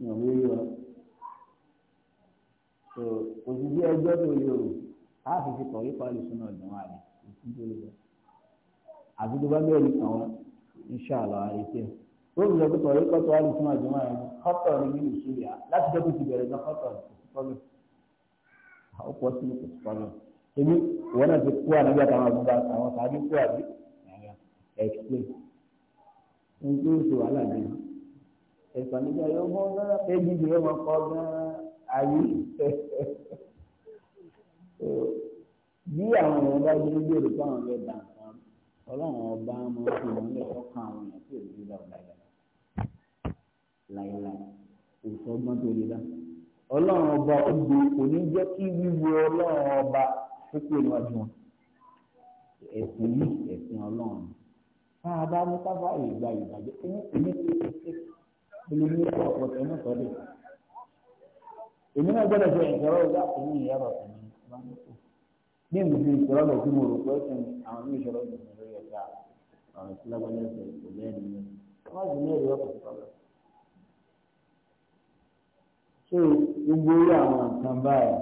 yàn mí rí So, òṣìṣẹ́ ẹgbẹ́ tó yẹ o káàfin ti kọ̀wé pàálù sínú ọ̀dùn wa rẹ̀ òṣìṣẹ́ tó yẹ wọn. àti tó bá bẹ́ẹ̀rẹ̀ kàn wọ́n inṣàlá àìsè ó ń lọ pé kọ̀wé pàtó àlù sínú ọ̀dùn wa rẹ̀ kọ́tọ̀ ni nínú ìṣúlẹ̀ láti jẹ́ kó ti bẹ̀rẹ̀ lọ kọ́tọ̀ kòsìkọ́lù ó pọ̀ sí kòsìkọ́lù èmi wọn náà ti kú ànágbé àtàwọn àbúgbà ìpànìjà yóò mọ náà ebi yìí wọn kọ gan ayé bí àwọn èèyàn bá yé lórí pé àwọn ọlọ́ọ̀ dà nǹkan ọlọ́run ọba máa fi wọn lè tọ́ka àwọn èèyàn tí òbí lọ láyà láyàláyà òsọ gbọ́n tó lè dá ọlọ́run ọba ògbó kò ní jẹ́ kí wíwo ọlọ́run ọba púpọ̀ níwájú wọn ẹ̀sìn yìí ẹ̀sìn ọlọ́run tá a ní ká ìgbà ìbàjẹ́ ẹni kò ní kí ẹ inú ní ọ̀pọ̀ tẹ̀mí sọ́dẹ̀. èmi náà gbọ́dọ̀ ṣe ìṣòro ìyá tèmi ìyá bàbá mi bá ń kú. bí mo fi ìṣòro lọ sí mo rò pé ẹ̀sìn àwọn ní ìṣòro ìṣòro lórí ẹ̀ka ọ̀rọ̀ tí lágbájá ṣe kò lẹ́nu mi. wọ́n sì ní èrè ọkọ̀ sọ́dọ̀. ṣé gbogbo orí àwọn nǹkan báyìí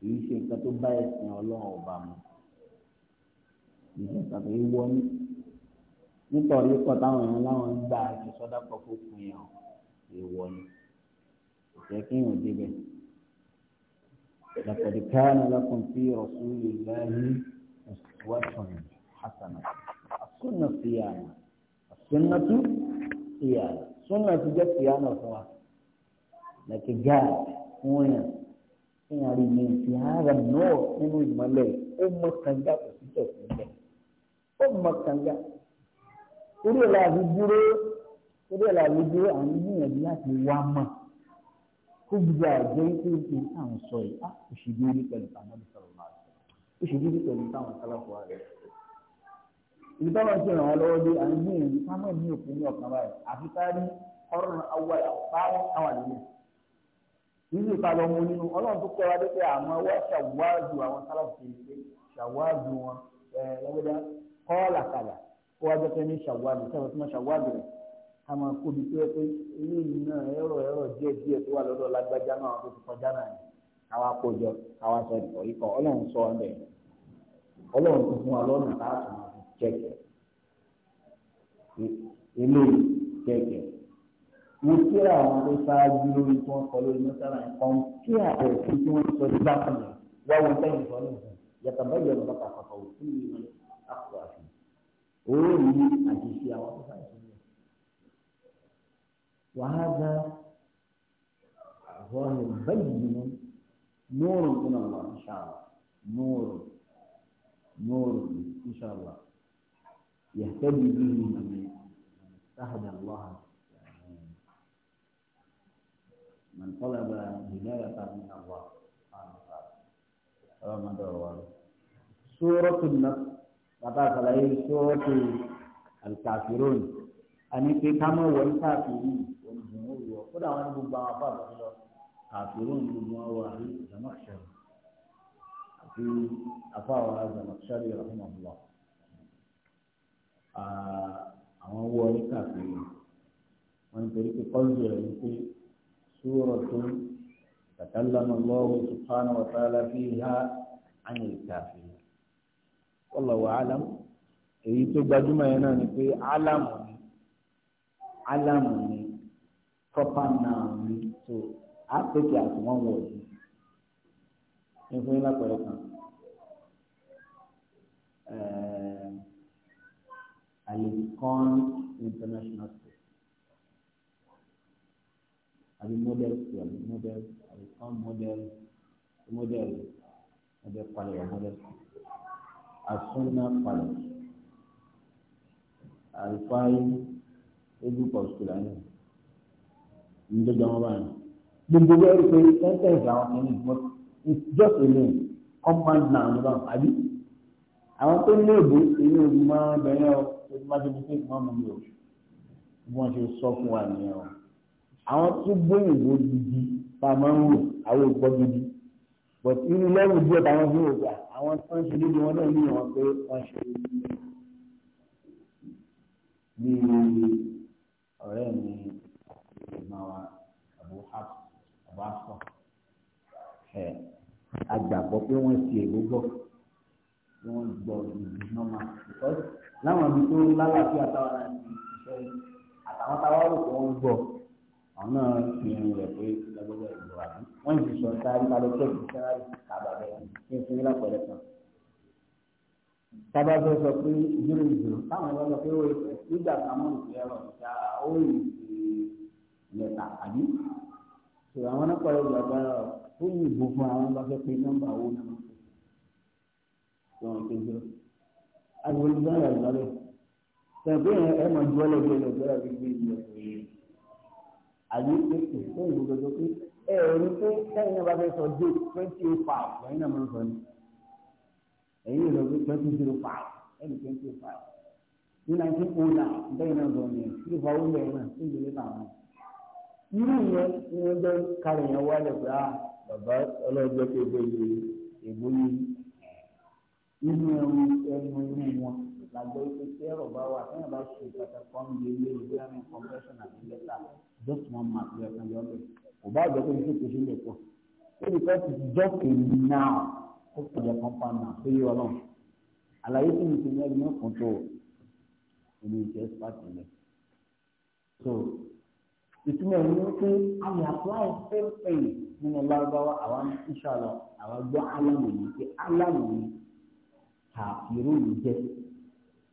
kì í ṣe nǹkan tó bá ẹ̀sìn ọlọ́run ọba nítorí pọ̀ táwọn èèyàn láwọn ń gbà ju sọ́dá pọ̀ fún yẹn o èèwọ̀ ni ìfẹ́ kí yẹn ò débẹ̀. لقد كان لكم في رسول الله أسوة حسنة السنة صيانة السنة صيانة سنة جت صيانة سوا لكن جاء هنا يعني من في هذا النور من الملك أمة كان جاء أمة كان جاء torí ẹ̀ làbí dúró torí ẹ̀ làbí dúró àwọn oníyànjú láti wá mọ̀ kó gbogbo àjọ yìí tó ń pè àwọn sọ yìí á kò sì dúró pẹ̀lú àwọn sọ̀rọ̀ máa sọ kò sì dúró pẹ̀lú táwọn sálàkù wa rẹ̀. ìlú táwọn ti ràn wọ́n lọ́wọ́ dé àwọn oníyànjú ká mọ̀ ní òkú ní ọ̀kan báyìí àfi ká rí ọ̀rọ̀ awọ́ àpárọ̀ àwọn àlejò nínú ìpàdé wa dé pé àwọn ó wá jẹ́ pé ní ṣàwádì sábà tí wọ́n ṣàwádì rẹ̀ a máa kó bi pé pé eléyìí náà ẹ̀rọ ẹ̀rọ díẹ̀ díẹ̀ tó wà lọ́dọ̀ lágbájá náà tó ti kọjá náà ni àwa kójọ àwa sọ ìkọ̀ ikọ̀ ọlọ́run sọ ọ̀dẹ̀ ọlọ́run tó fún wa lọ́nà láti máa fi jẹ́kẹ̀ eléyìí jẹ́kẹ̀ mo kí àwọn tó ṣáájú lórí tí wọ́n kọ lórí mọ́sálà yẹn kan kí àwọn òkú tí wọ́n sọ sí bákan yẹn wá wọn tẹ́yìn sọ ní ìsìn yàtọ̀ bẹ́ẹ̀ yẹn lọ́kà kọ̀ọ̀kan yìí ní orí àṣìṣe àwọn ظاهر بين نور من الله ان شاء الله نور نور ان شاء الله يهتدي به من استهدى الله من طلب هداية من الله سبحانه وتعالى سورة النفس bàbá àgbàláyé sọ́ọ̀tù àlùkàfíròn àní pé kámọ́ wọlé káàkiri òǹdùn ó wọ kódà wọn ní gbogbo àwọn afọ àbọ̀tí lọ kàfíròn gbogbo wọn wà ní ìdàmọ́kṣẹ́rì àti afọ àwọn àgbàmọ́kṣẹ́rì rahimahullah àwọn wọlé káàkiri wọn nítorí pé kọ́ńtù rẹ̀ ní pé sóòrọ̀ tó تكلم الله سبحانه وتعالى فيها عن الكافرين wallahu a'lam èyí tó gbajúmọ̀ yẹn náà ni pé alamu ni alamu ni proper noun ni so a take it as one word ní fún yín lápẹ̀rẹ̀ kan alikon international school àbí model school àbí model alikon model model model kwalẹ̀ model school asúnà palẹ̀ àlùfáì egun pọ̀sùkùlà ní ìdójú ọmọ báyìí gbogbo bẹ́ẹ̀ rí pé sẹ́ńtẹ̀ǹsì àwọn kìíní but it's just a name compound noun ní báwọn àbí àwọn tó ní èbó èyí ò máa ń bẹ̀rẹ̀ ọ tó ti máa ṣe mistake máa mú mi o bí wọ́n ṣe sọ fún wa nìyẹn o àwọn tó gbóyìnbó gidi tá a máa ń wò àwọn òpó gidi but irú lẹ́wù díẹ̀ táwọn fi ń wògbà àwọn tó ń ṣe lédè wọn náà yìí wọn pé wọ́n ṣe bí ọ̀rẹ́ mi ìgbà wa àbú àbú afọ ẹ̀ agbàgbọ́ pé wọ́n ti ègbó gbọ́ pé wọ́n gbọ́ ìlú nọ́mà láwọn ibi tó lálàáfíà táwọn àti ìṣẹ́ àtàwọn táwọn rò pé wọ́n gbọ́ àwọn náà fi irun rẹ̀ pé lọ́gbọ́dọ̀ ìlú àbí wọ́n ti sọ sáré balẹ̀ tó ti sáré kàbà bẹ́ẹ̀ kí n fún yín lápẹ̀lẹ̀ kan. tábà fẹ́ sọ pé zero zero táwọn ẹgbẹ́ sọ pé ó rẹ̀ nígbà kàmọ́ ìfẹ́ ọ̀rọ̀ ìta ó rìn sí lẹ́tà àbí. sọ àwọn ọlọ́pàá ìlú agbára ó yìn ìbò fún àwọn bá fẹ́ pé nọ́mbà owó náà wọ́n pè wọ́n pé zero. àgbẹ̀wò ìgbà yà àyè pé ìfẹ́ ìlú gbogbo pé ẹ ò rí pé sẹ́yìn náà bá fẹ́ sọ dé twenty oh five lẹ́yìn náà máa ń sọ ni ẹ̀yìn ìlọ pé twenty zero oh five ẹ̀yìn twenty oh five ní nineteen oh nine lẹ́yìn náà sọ ni kí ló fà ó lẹ́yìn náà kí ló lè fà wọn. irú ìyẹn ni wọ́n jẹ́ kárẹ̀ yẹn wálẹ̀ pé ah bàbá ọlọ́jọ́ tó gbé yìí ègbó yìí inú ẹ̀rù ẹ̀rù inú wọn làgbọ́ ìpèsè ẹ̀rọ bá wà sẹ́yìn bá ṣe pàtàkì kan lè ìgbéyàwó kọ̀m̀pẹ́sọ̀n àti lẹ́tà just one mark ló yẹ kán yọ lẹ kò bá jẹ pé ní kékeré lè pọ ó lè fẹ́ just a now ó kàn jẹ compound now tó yé ọ náà àlàyé tí mo ti ní ẹni mẹ́kàn tó èmi ìṣe expert mi so ìtumọ̀ ẹni wípé a lè apply same thing nínú lárúbáwá àwa ìṣàlọ àwa gbọ́ alámù yìí pé alámù yìí kàfíró yìí jẹ́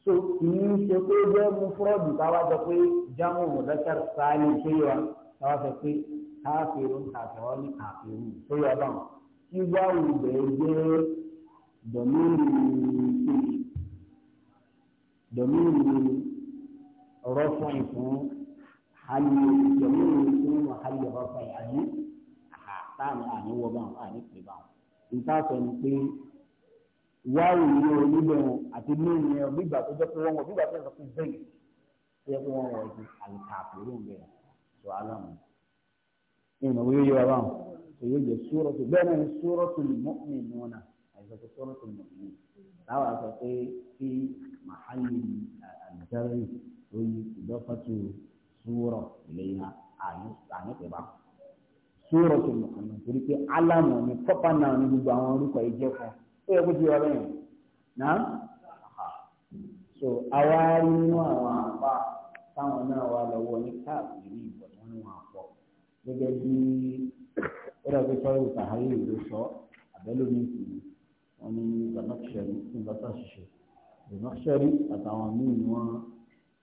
so kìí ṣe pé bẹ́ẹ̀ mú fúrọ́ọ̀dù káwá sọ pé jámù mọ̀dákàr sáálì ṣé wa káwá sọ pé káfíìrù kàfíìrù ní kàfíìrù ṣé wa bá wọn. tí wáwù bẹ́ẹ̀ jẹ́ dọ̀míìrì dọ̀míìrì rọ́fọ̀n fún hali dọ̀míìrì fún hali rọ́fọ̀n àní àtàwọn àníwọ̀ bá wọn àní pè bá wọn. nǹkan ni pé wáwò yìí o níbẹ̀ wọn àti mímu yẹn bí ìgbà tó jẹ́ pé wọ́n wọ̀ bí ìgbà tó jẹ́ pé bẹ́ẹ̀ tó yẹ pé wọ́n wọ̀ ju àlùkàpẹ̀rù bẹ́ẹ̀ tó alámù. ìmọ̀ wo yóò yẹ wa báwọn tó yóò jẹ sórọ́tò bẹ́ẹ̀ náà ni sórọ́tò mọ́mí ni wọn náà àìsàn tó sórọ́tò mọ́mí táwọn àṣọ pé kí màhálì àjẹrì lórí ìdọ́fàtò sórọ̀ ìlẹ́yìn àyẹ̀pẹ̀bá sórọ́tò mọ́mí torí pé alámù ni pọ́pá náà ni gbogbo àwọn orúkọ ìjẹ́ fún ó yẹ kó ti yọ lẹ́yìn náà so àwa rí nínú àwọn àpá táwọn náà wà lọ́wọ́ ní káàkiri ìbọn tí wọ́n ní wọn àpọ̀ gẹ́gẹ́ bí ó dà pé sọ́yìn ìtàhàyè ìlú sọ àbẹ́lómi ìtìlú wọn ní zanakshari nígbàtà ṣiṣẹ́ zanakshari àtàwọn míì ni wọ́n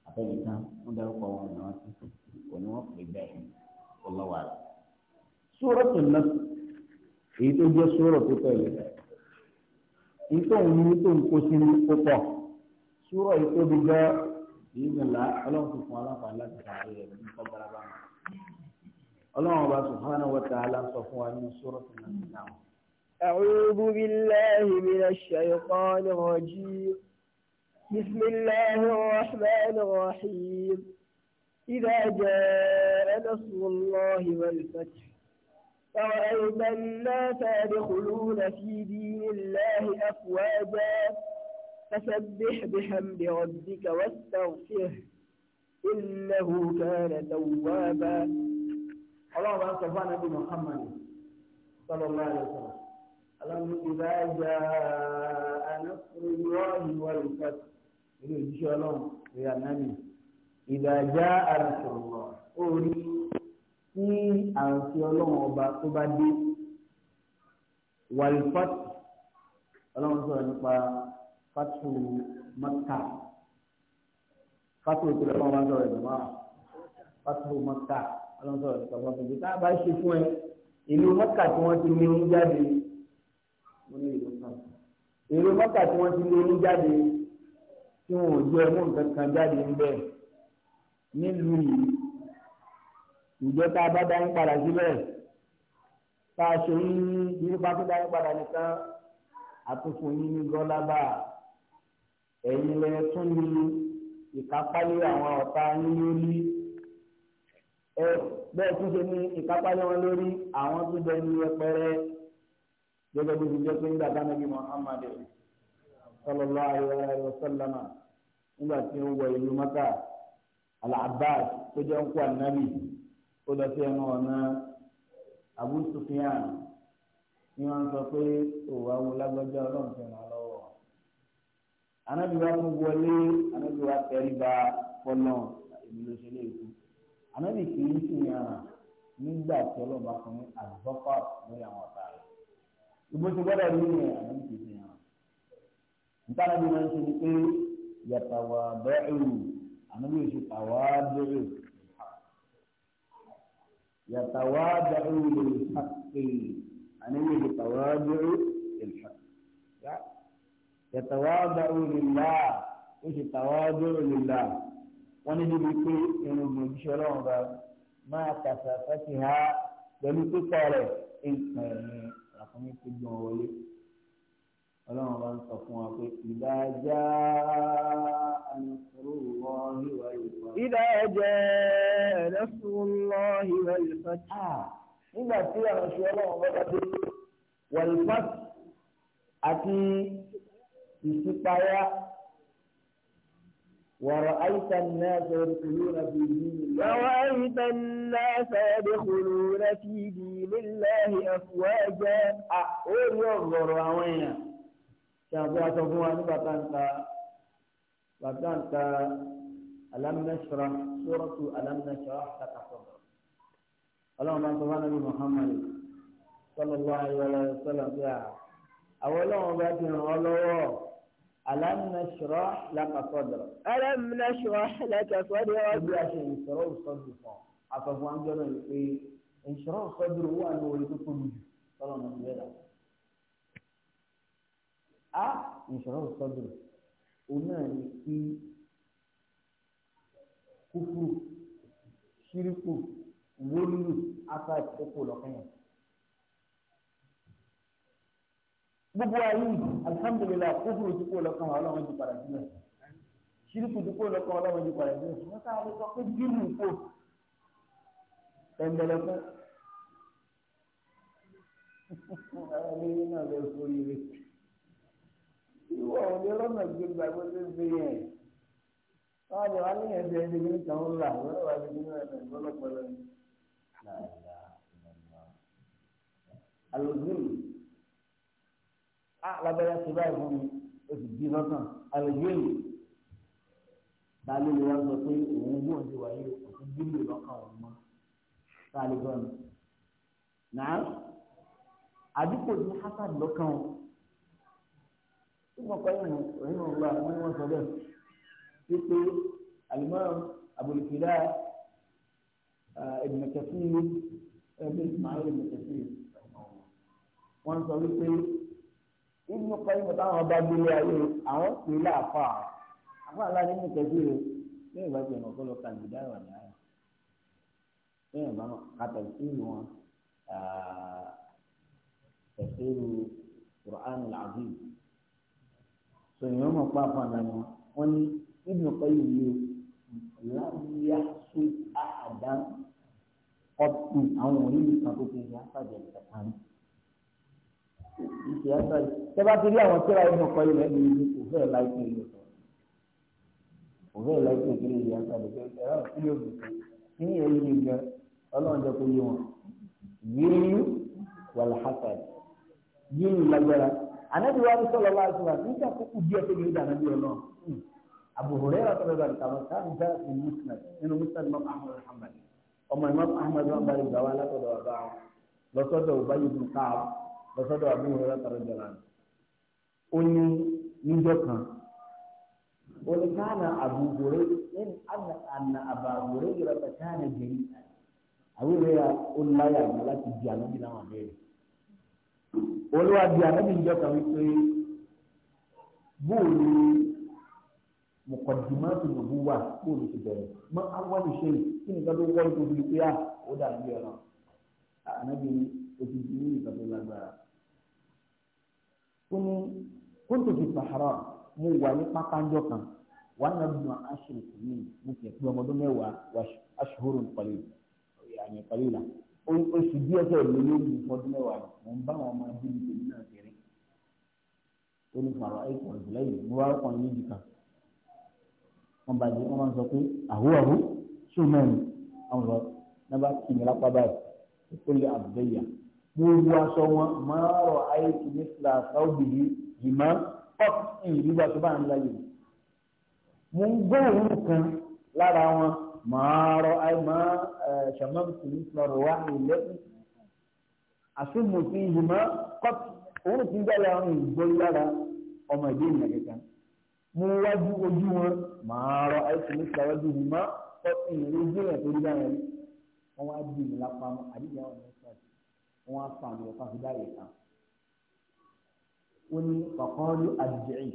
àtẹnìkan wọ́n dárúkọ wọn ní wọ́n ti kò ní wọ́n pè bẹ́ẹ̀ ọlọ́wàá rẹ̀ sórọ̀tún náà èyí tó jẹ́ sórọ̀ tó tẹ̀lé bẹ́ẹ̀ èyí tó ń ní tó ń kó sínú ó pọ̀ súrọ̀ yìí tóbi gbọ́ èyí nìlá ọlọ́run ti aláǹfààní láti ṣàlàyé rẹ̀ ní kọ́ balaba mọ́ ọlọ́run ọba subhanahu wa ta'ala sọ fún wa nínú súrọ̀ tó náà nínú àwọn. أعوذ بالله من الشيطان الرجيم بسم الله الرحمن الرحيم إذا جاء نصر الله والفتح أرأيت الناس يدخلون في دين الله أفواجا فسبح بحمد ربك واستغفره إنه كان توابا الله أكبر نبي محمد صلى الله عليه وسلم اللهم إذا جاء نصر الله والفتح إن شاء الله يا نبي إذا جاء نصر الله قولي tí àròsí ọlọ́run ọba tó bá dé wàlúfàtì ọlọ́run sọ̀rọ̀ nípa fàtù mọ́tà fàtù òkèlè ọlọ́run bá sọ̀rọ̀ ìjọba fàtù mọ́tà ọlọ́run sọ̀rọ̀ nípa fàtù òkèlè tá a bá ṣe fún ẹ ìlú mọ́tà tí wọ́n ti ní orí jáde mo ní ìlú kan ìlú mọ́tà tí wọ́n ti ní orí jáde tí wọn ò jẹ́ mú nǹkan kan jáde ń bẹ̀ nílùú yìí ìjọ tá a bá dá yín padà sílẹ̀ tá a ṣe yín ní nípa tó dá yín padà nìkan àtúnfò yín ní gọ́lábà ẹ̀yin lẹ tún ní ìkápálẹ̀ àwọn ọ̀tá yín lórí ẹ bẹ́ẹ̀ tún ṣe ní ìkápálẹ̀ wọn lórí àwọn tó bẹ ní ẹpẹrẹ gẹ́gẹ́ bí ìjọ pé nígbà tá a nàbí Muhammad sallallahu alaihi wa sallam nígbà tí ó wọ ìlú Maka Al-Abbas tó jẹ́ ń kó ànábì ó lọ sí ẹnu ọ̀nà Abu Sufyan ni wọ́n sọ pé òwò awo lágbájá ọlọ́run fi ràn lọ́wọ́ anabi wa tún wọlé anabi wa tẹrí ba fọlọ èmi ló ṣe lè kú anabi kì í sì yàn nígbà tí ọlọ́run bá fún mi àgbọ́fà lórí àwọn ọ̀tá rẹ̀ ìbò ti gbọ́dọ̀ ní ìyẹn anabi kì í sì yàn níta anabi máa ń ṣe ni pé yàtàwà bẹ́ẹ̀ anabi ò ṣe tàwà bẹ́ẹ̀ yàtàwádàú lèlhàkì àníyàn yàtàwádàú lèlhàkì yàtàwádàú lèlá ó ṣe tàwádàú lèlá wọn ní níbi pé irun gbòógì ọlọ́run bá máa tàṣà fẹ́tì ha pẹ̀lú pípọ̀ rẹ̀ nǹkan ẹ̀yìn àkọ́mí tó gbọ́n wọlé ọlọ́run bá ń sọ fún wa pé ìdájá ànàfọ́rọ́ wọ́n ní wàá yìí. ìdájá. Ah, nígbà tí àwọn oṣù ọlọ́run bọ́dọ̀ dé wọ̀lùfọ́t àti ìṣípayá ورأيت الناس يدخلون في دين الله ورأيت الناس يدخلون في دين الله أفواجا أقول يغر وين شافوا تفوا بطنك بطنك ألم نشرح سورة ألم نشرح لك ọlọ́run máa ń sọ fún anábì muhammadu sallallahu alaihi wa sallam pé à àwọn ọlọ́run bá ti ràn ọ́ lọ́wọ́ alam nashrah laka sadra. alam nashrah laka sadra. ibi a ṣe ìṣòro ìṣòdù fún ọ àfọwọ́ àjọ náà pé ìṣòro ìṣòdù wà ní orí tó tóbi jù sọlọ́run máa ń a ìṣòro ìṣòdù òun náà ní kí kúkú ṣíríkù wólúù afa ìkókó lọ́kẹ́yìn. gbogbo ayé alihamudulilayi kókòrò ti kó lọ́kàn wà ọlọ́run ti padà sílẹ̀ ṣírìkù ti kó lọ́kàn wà ọlọ́run ti padà sílẹ̀ wọ́n ká lè sọ pé gírù kò tẹ̀m̀bẹ̀lẹ̀kọ́ ara lè rí náà lè sórí rẹ̀ ìwọ ò lè rọ́nà gbé fi yẹn wọ́n á ní ẹ̀dẹ̀ ẹ̀dẹ̀ ní kàn ń rà wà ní ẹ̀dẹ̀ ọlọ́pàá lọ́yìn. لا إله إلا الله الغل أعلى بيا سباهم ìdìbọ̀tàn àlùyéyìn ta ló lè wá sọ pé òun gbóhùn ti wáyé òkú bílò lọ́kàn òun mọ́ ta lè gbọ́ ni. Nàá àdúgbò ní Hassan lọ́kàn o. Tí mo kọ́ ìrìn òun náà gba wọ́n sọ bẹ́ẹ̀. Pípé àlùmọ́ àbòlùkìlá Ibn Kathir ẹbí Ismail Ibn Kathir wọ́n sọ wípé Ibn Qayyim táwọn bá gbélé ayé àwọn pè é láàfà àfà aláàdé Ibn Kathir rẹ̀ lẹ́yìn ìgbà tí ẹ̀mọ́ kọ́ lọ kàlí dáhùn àná lẹ́yìn ìgbà náà kàtà sí wọn tẹ̀síru Qur'an al-Azim sọ̀yìn wọn mọ̀ pàápàá náà ni wọ́n ní Ibn Qayyim yìí láwùyá ọtún àwọn onílù kan tó fi hàn sáàjẹ ìtàkùn ìṣe ẹsẹ tẹbá ti rí àwọn tíra inú ọkọ ilẹ̀ ní ibi òfé láìpẹ́ ilé sọ òfé láìpẹ́ ìkíni ìyá sáàjẹ pé ẹ̀rọ sí yóò bì kí ni èyí ni gan ọlọ́run jẹ́ kó yé wọn yíyí wàlá hasad yíyí lágbára ànábi wa sọlọ wa sọlọ àti níta kókó díẹ̀ tó ní ìdá ànábi ọlọ́run Abu Hurairah rà tọ́lọ́ bá ní kàwọn sáà ń dá ní musnad nínú musnad ọmọ imam ahmed wọn bá ìgbà wa látọ̀dọ̀ bàbá wọn lọ́sọ̀dọ̀ ọba yìí fún káàbù lọ́sọ̀dọ̀ àbúrò rẹ̀ lọ́tọ̀rọ̀ jọ̀lá ni. ó ní níjọ́ kan ó ní káàna àbúgbòrè ẹni àna àna àbàgbòrè yìí rẹ̀ káàna jẹ̀rí àwọn ìwé ya ó láyà yìí láti di ànábì náà bẹ́ẹ̀ olúwa di ànábì níjọ́ kan wípé bóòlù mọ̀kàndínmáàtì nàbó wà kó lè ti bẹ̀rẹ̀ mọ awọ́lù ṣe kí nìkan tó wọ́n tó fi pé à ah, ó dàbí ẹran ànábi oṣù tí ní nìkan tó lágbára. ó ní kó n tó fi sàhárà mo wà ní pápánjọ kan wàá nà bùnà aṣèlú mi mo kì í pé ọmọdún mẹ́wàá wà aṣòro pẹ̀lú àmì pẹ̀lú ìlà oṣù díẹ̀ tẹ̀ lé lórí ọdún mẹ́wàá mo ń bá wọn máa bí mi náà kéré. ó ní fàrọ̀ ẹ̀kọ́ ìbùlẹ́yìn mo wá ọkùnrin méjì wọn bá di wọn máa ń sọ pé àhúhàhú sùnmọ́ọ̀nù àwọn lọ nàbà kìnìún lápá báyìí kó lè àbẹ̀yà mo wu aṣọ wọn mọ́ọ̀rọ̀ àìsí ní sàṣà òbí ìmọ̀ pọ́p ìlú bá tó bá ń láyè mo ń gbọ́ òun kan lára wọn mọ́ọ̀rọ̀ àìmọ́ ṣàmọ́ọ̀tì ní sọ̀rọ̀ wá ìlẹ́kùn àṣùmùtì ìmọ̀ pọ́p òun ti ń gbọ́ lára ọmọ ìgbóyára ọmọ mú wájú ojú wọn màá rọ àìsàn ní sàwájú mi má ọtí ìrèjú yẹn tó rí báyẹn rí wọn wá di ìlà pamọ́ àdìgbà wọn ní sọọsì wọn wá fa àmì ọkọ àfidá yẹn kan ó ní kọkànlú àdìjẹyìn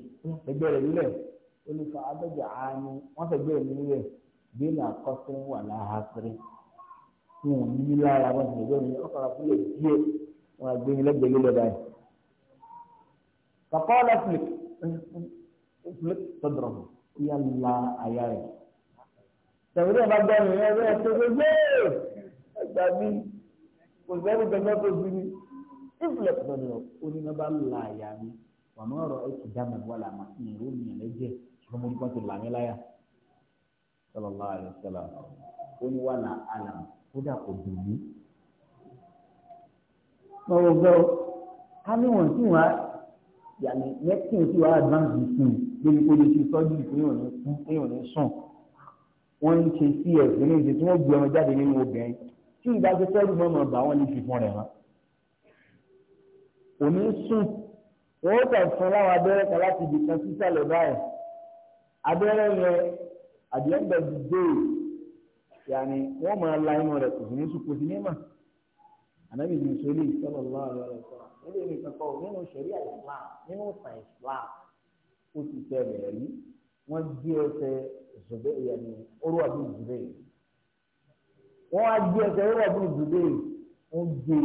ẹgbẹ́ rẹ̀ nílẹ̀ ó ní fa abẹjẹ àánú wọn fẹgbẹ rẹ̀ nílẹ̀ bí nà kọsírin wà láhásírin wọn ò ní lára wọn sì gbẹ nílẹ̀ ọkọ tọ́dọ̀rọ̀ ó yà la àyà rẹ̀. tẹ̀wéé ọba gbọ́ mi ẹ bẹ́ẹ̀ tó ṣe gbé ẹgbà mi kò sẹ́ni gbẹgbẹ́ tó fi mi ìfúlẹ̀ tọ́dọ̀rọ̀ ó ní bá la àyà mi wàmú ọ̀rọ̀ ẹ ti dá mi wọ́n mi ẹ̀lẹ́jẹ̀ ṣùgbọ́n mo ní kàn là mí láyà. sallallahu alaihi wasallam ó ní wà lá àlà kódà kò dùn mí. mo rò gbọ́ ká ní wọ́n tí wọ́n á yàtí wọ́n tí wọ́n á advance mi fún mi lórí kó lè ṣe sọ́jú ìpínyàn ní kú ìpínyàn ní sùn wọ́n ń ṣe sí ẹ̀sìn ní ìṣètò wọ́n gbé ọmọ jáde nínú obìnrin tí ìgbà tó fẹ́ rúbọ ọmọ bá wọn lè fi fún rẹ̀ hàn. òní sùn wọ́n kàn fún láwọn abẹ́rẹ́ kan láti ibì kan sísàlẹ̀ báyìí abẹ́rẹ́ yẹn àdìẹ́gbẹ̀ dìde yàní wọ́n máa la inú rẹ̀ kò sí ní sùkò sí ní mà ànábìyí sọlẹ̀ ìṣẹ́lẹ̀ lọ́wọ́ àlọ́ rẹ̀ sọ̀rọ̀ nínú ìṣẹ̀rí àìsàn nínú ìṣàn ìṣàn ó ti ṣẹlẹ̀ rí wọ́n jí ẹsẹ̀ zùbẹ́ ìyàní orúwà bíi zùbẹ́ yìí wọ́n á jí ẹsẹ̀ orúwà bíi zùbẹ́ yìí wọ́n gbé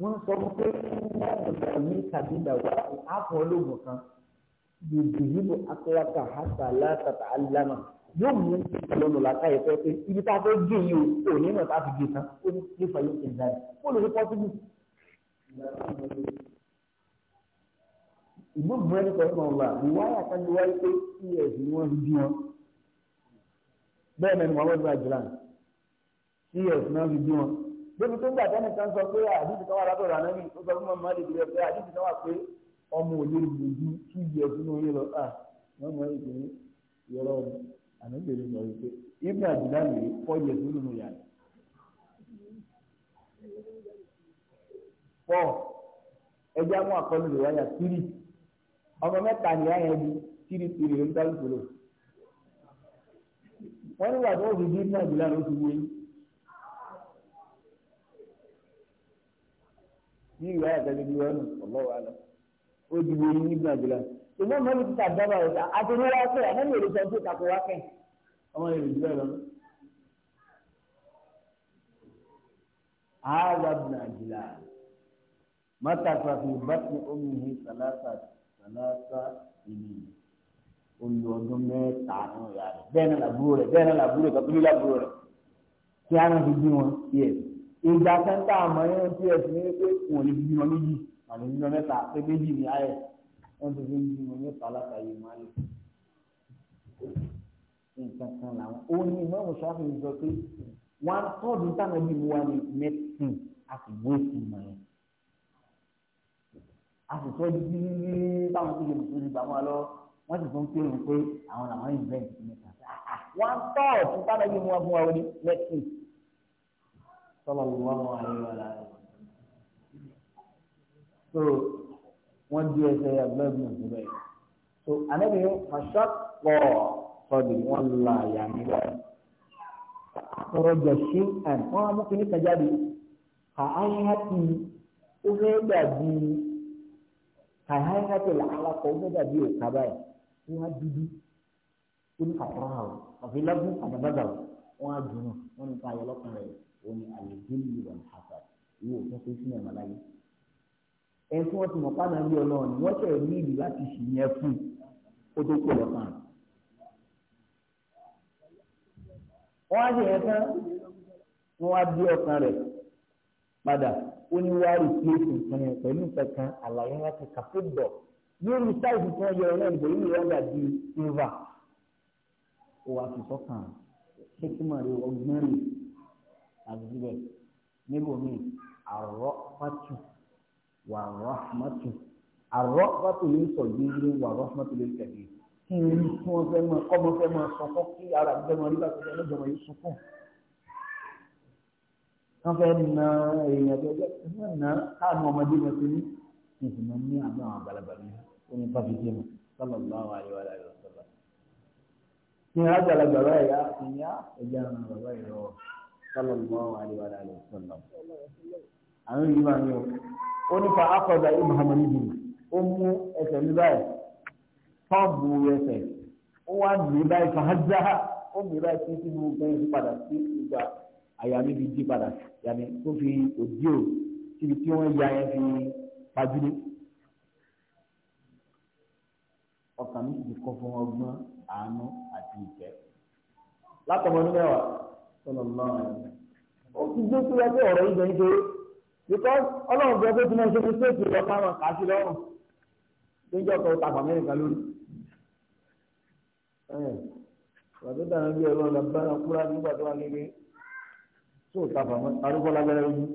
wọ́n sọ pé wọ́n gbà ní tàbí dàgbà àpò ológun kan gbèdè nínú akẹ́yàtà hàtà látàtà alámà yóò mú ìlọ́nà làkàyè pé pé ibi tá a fẹ́ gbé yìí o ò ní mọ̀ tá a fi gbé tán ó ní kí fàyè ṣe ń darí ó lè rí pọ́sibú ìlú mọ́lẹ́ kọ̀ọ̀kan ọ̀la ìwáyà kan ti wáyé pé cs ni wọ́n fi bí wọn bẹ́ẹ̀ mẹ́rin muhammed bá jìlá cs náà fi bí wọn débi tó ń gbà tẹ́nì kan sọ pé àdìsí kan wà látọ̀rọ̀ ànábì ó sọ fún muhammed bíi ẹgbẹ́ àdìsí kan wà pé ọmọ òye lòdì two years nínú oyè lọ à wọ́n mọ̀ ẹ́ pé yọrọ ànábì lè sọ wípé ibi àjìlá yìí four years nínú yàrá four ẹjẹ àwọn àkọlù rẹ̀ wáyà three ọmọ mẹ́ta ni wọ́n yẹn di tìrì tìrì ló ń dá lùkúrò wọ́n nígbà tó fi bí nàìjíríà ló ti wé ní ìwé àtàlẹ́ bí wọ́n nù ọlọ́wọ́ àlọ́ ó di wé ní nàìjíríà ìmọ̀ mọ́lù ti tàbí ọ̀rọ̀ ta àtẹ̀wé wá pẹ̀ àtẹ̀wé èrè sọ pé kàkó wá pẹ̀ ọmọ èrè jù bẹ́ẹ̀ lọ. ààrẹ nàìjíríà mọ́tàkùn àti ìbátan omi ìhìn sàlásàtì sàlásà ìlú olú ọdún mẹ́ta nù ya rẹ̀ bẹ́ẹ̀ náà làbúrò rẹ̀ bẹ́ẹ̀ náà làbúrò rẹ̀ kọ́kúrú làbúrò rẹ̀ kí á náà fi bí wọn tiẹ̀. ìgbà sẹ́ńtà àmọ́ yẹn ti ẹ̀sìn ní pé wọn ò lè fi bí wọn méjì àlè bí wọn mẹ́ta pé méjì ní ayẹ̀ wọ́n ti fi ń bí wọn mẹ́ta látàyè máa lè. nǹkan kan làwọn ó ní mọ́mú sáfì sọ pé wọ́n tọ́jú táwọn bí wọn ní mẹ́tìn àti wọ́ọ̀sì mọ́ yẹn àtúntò bí báwọn tó lè mùsùlùmí bá wọn lọ wọn sì tún kéwòn pé àwọn làwọn invent mẹ́ta wọn tọ ọtún sábà yìí mú wọn fún wa wọlé lẹsìn sọlọ ló wọn wọn ayé wọn lára so wọn di ẹsẹ agbẹbí òṣèlú yìí so anabi fàṣọ pọ sọdí wọn la àyà mi lọ sọ̀rọ̀ jẹ ṣé ẹ wọn amúkìní kan jáde kà á yá ti ó fẹ́ gbà bíi kàháyàtò làálà kọ ọgbẹ dàbí òkà báyìí wọn á dúdú ó ní àkọrọ àwọn àfi lágún àdàbàdà wọn á dùnú wọn ní ká yọlọkàn rẹ wọn ní àlejòlì wọn àfà ìwé òfin tó sínú ẹ̀mọ́ láyé ẹ̀ fún wọn ti mọ̀ pàmò ẹ̀rí ọlọ́run wọ́n tẹ̀ ní ìlú láti sì yẹn fún ó tó kó lọ́kàn rẹ̀. wọ́n padà ó ní wá rí pléètì nǹkan yẹn pẹ̀lú nǹkan kan àlàyé wọn ti kà fútbọ̀ lórí sáìsì tí wọ́n yọ ẹ̀rọ ìbò yìí wọ́n dà bíi silva ó wá fi sọ́kàn ṣékìmọ̀ rẹ ọgbọ́n rẹ àgbẹ̀ níbo mi àrọ́ pátù wà rọ́ mọ́tù àrọ́ pátù ló ń sọ yíyí wà rọ́ mọ́tù ló ń tẹ̀lé kí n rí tí wọ́n fẹ́ mọ ọmọ fẹ́ mọ sọ fún kí ara mi fẹ́ mọ nígbà tó fẹ́ lọ́jọ́ mọ yìí sọ wọ́n fẹ́ na èèyàn tó jẹ́ wọ́n na káàmù ọmọdé wọn ti ní nǹkan náà ní àbá àwọn àgbàlagbà oní pàfíjì mu sallallahu alaihi wa alihi wasallam. ní àgbàlagbà bá yà á ní yá ẹja àwọn bàbá yìí lọ sallallahu alaihi wa alihi wasallam. àwọn yìí máa ń yọ ó ní fa akọ̀dà ibn hamani bì ó mú ẹsẹ̀ ní báyìí pọ́ọ̀bù àyà mi fi jí padà yàmi tó fi òdì o síbi tí wọ́n ya yẹn fi fagilé ọkàn mi ti kọ́ fún ọgbọ́n àánú àti ìfẹ́ látọmọ ní mẹ́wàá sọlọ lọ́wọ́ ó ti gbé sí ẹgbẹ́ ọ̀rọ̀ yìí gbẹ̀yìn pé because ọlọ́run bẹ pé tí wọ́n ṣe fi ṣéèkì lọ fáwọn kàásì lọ́rùn níjọ́ kan ta àgbà mẹ́rin kan lórí ẹ̀ wà tó dáná bí ẹ̀rọ ọ̀la bára kúrá nígbà tó wà nílé tó ta fàmọ́ arúgbó lágbára yín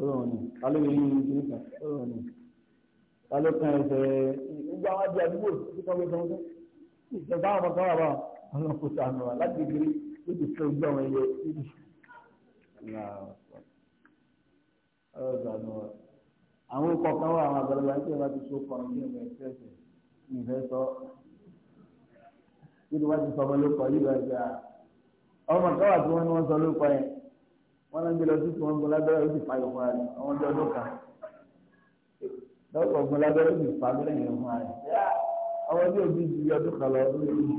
ọlọ́run ni kálọ́ yín yín kí nìkan ọlọ́run ni kálọ́ kan ẹsẹ̀ gbogbo àwọn àti àdúgbò tí wọ́n fẹ́ sọ́wọ́sọ́ ìṣẹ̀fà àwọn kan wà bá ọlọ́run kò sànù wà láti kiri ó ti fẹ́ gbé àwọn ẹyẹ ibi ọlọ́run sànù wà àwọn ikọ̀ kan wà àwọn àgbàlagbà tí wọ́n bá ti so kan ní ẹ̀mẹ̀ ẹ̀sẹ̀ ìfẹ́ sọ kí ni wọ́n ti sọ ọmọ lóko yìí lọ́jà ọmọ kan wà tí wọ́n ní wọ́n sọ lóko yẹn wọ́n lọ gbé lọ sí wọn gun lábẹ́rẹ́ ó sì fa ìwọ̀n rẹ̀ àwọn ọjọ́ ọdún kan lọ́pọ̀ gun lábẹ́rẹ́ ó sì fa abẹ́rẹ́ yẹn fún rẹ̀ àwọn ọdún òbí ju ọdún kan lọ ó lè jù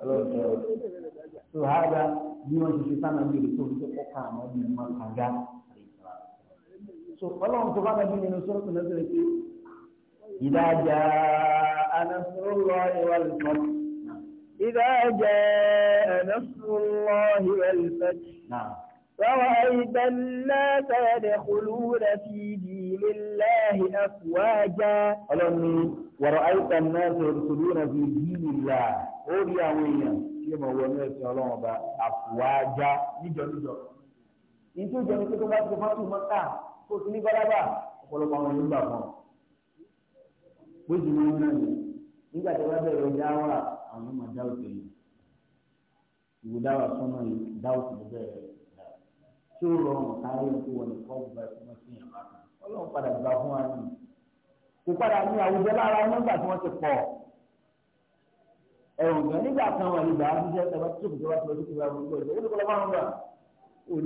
ọlọ́dọ̀ tó hága bí wọ́n ti fi sáná bí ètò tó kọ́ ká àwọn ọdún yẹn máa kàn gá. so ọlọ́run tó bá bá bí nínú sọ́rọ́ tó lọ́sọ̀rọ̀ pé ìdájà anásọ̀rọ̀ lọ́ọ́ ìwà lè إذا جاء نصر الله والفتح ورأيت الناس يدخلون في دين الله أفواجا ألمي ورأيت الناس يدخلون في دين الله أولي أولي كما هو الناس يلون أفواجا نجو نجو إنتو جنو كتو بات كفاتو مكة كتني بلابا أقول الله من الله وجمعنا نجا تبابا يجاورا àwọn ọmọ dáwọ̀ tó yìí ìwò dáwọ̀ sọ́nà yìí dáwọ̀ tó bẹ̀rẹ̀ tí ó rọrùn káyé tó wọlé kọ́ gba ìfúnná sí yàn bá kan ọlọ́run padà gbà fún wa nìyí kò padà ní àwùjọ lára nígbà tí wọ́n ti pọ̀ ẹ̀rù gan nígbà kan wà lè gbà á ṣiṣẹ́ tẹ̀ bá tó kù tó bá tó kù bá wọn lọ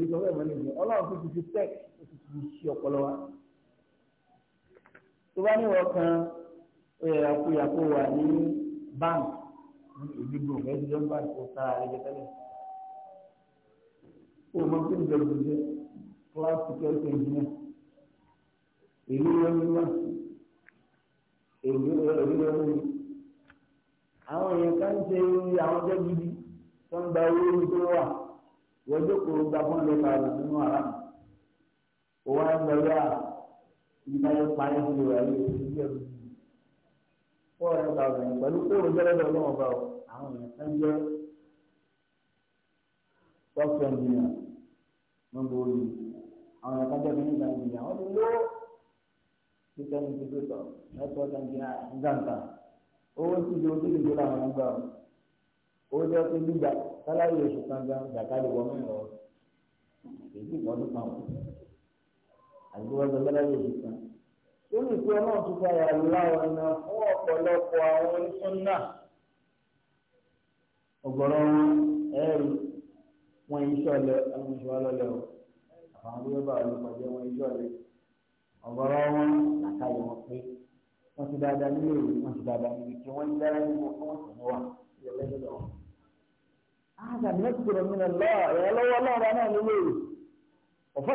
ìgbà olùkọ́ lọ́wọ́ wọn sọ fẹ́ẹ̀ mọ́ nìyí ọlọ́run fi ìdìbò ọ̀fẹ́ ti dọ́gba tó sára rẹ̀ tẹ́lẹ̀. ó mọ kí ni bẹ̀rù jẹ́ class security engineer èyí ló ń wá èyí ló ń wí. àwọn èèyàn kan ń ṣe àwọn jẹ́ gidi tó ń gba owó ní tó wà wọ́n jókòó gba fún lẹ́ka rẹ̀ nínú ara òun á ń yá ìgbà parí ìwà yìí ó ti bí ẹ̀rù four hundred thousand pẹ̀lú pé òun jẹ́rẹ́ lọ́wọ́ lọ́wọ́ bá ọ àwọn èèyàn kan jẹ́ software engineer nọ́mbà olú àwọn èèyàn kan jẹ́ bíi nígbà engineer wọ́n ti lọ system integrator network engineer ngàǹkà owó tí ìdí ojú ìdíje làwọn ń gbà owó tí wọ́n gbígbà sálárì oṣù kan gbàkálẹ̀ wọ́n mú lọ èyí ìwọ́n tó kàn wọ́n àdúgbò oṣù kan nínú ìpín náà tún padà la ọ̀nà fún ọ̀pọ̀lọpọ̀ àwọn onísọ́nà ọ̀gọ̀rọ̀ wọn ẹ̀rù wọn ìṣọ̀lẹ̀ alùpùpù o àwọn tó bá olùpàdé wọn ìṣọ̀lẹ̀ ọ̀gọ̀rọ̀ wọn làkàyè wọn pé wọ́n ti dáadáa nílé ìwé wọ́n ti dáadáa níbi tí wọ́n ti dára nínú ọkọ̀ wọn wà lọ́lọ́dọ̀ àgbà mẹ́tìrọ̀ mi nà lọ́ ẹ̀rọ lọ́wọ́ lọ́wọ́ náà nílé ìwé ọ̀fọ́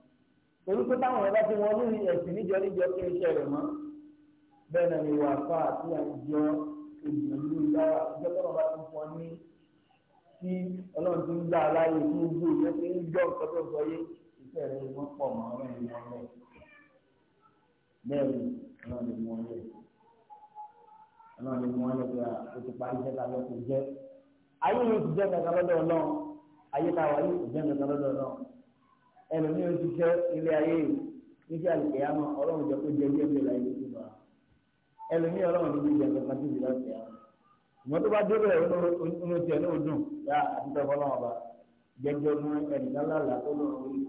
torí pé táwọn ẹ̀rọ ti wọn lórí ẹ̀sìn níjọ níjọ kí iṣẹ́ rẹ̀ mọ́ bẹ́ẹ̀ náà ni wàá fà àti àjọ ènìyàn ló ń dára ìjọ tọ́lọ́ bá ti fọ́ ní tí ọlọ́run ti ń gbà láàyè tó ń gbò yẹn pé ń gbọ́ nǹkan tó sọ yé iṣẹ́ rẹ̀ wọ́n pọ̀ mọ́ ọ̀rọ̀ ẹ̀ lọ rẹ̀ bẹ́ẹ̀ ni ọlọ́run lè mú ọ lẹ̀ ọlọ́run lè mú ọ lẹ̀ pé o ti parí iṣẹ́ ẹlòmíì ó ti jẹ́ ilé ayé yìí níṣẹ́ àlùkìyàmọ̀ ọlọ́run jẹ́ kó jẹ́ bí ẹgbẹ́ láyé ló ti bá ẹlòmíì ọlọ́run níbi ìjẹ́ nǹkan tó ti bá ti àwọn. ìmọ̀ tó bá débẹ̀ inú tiẹ̀ ní àtúntò ọba tó lọ orí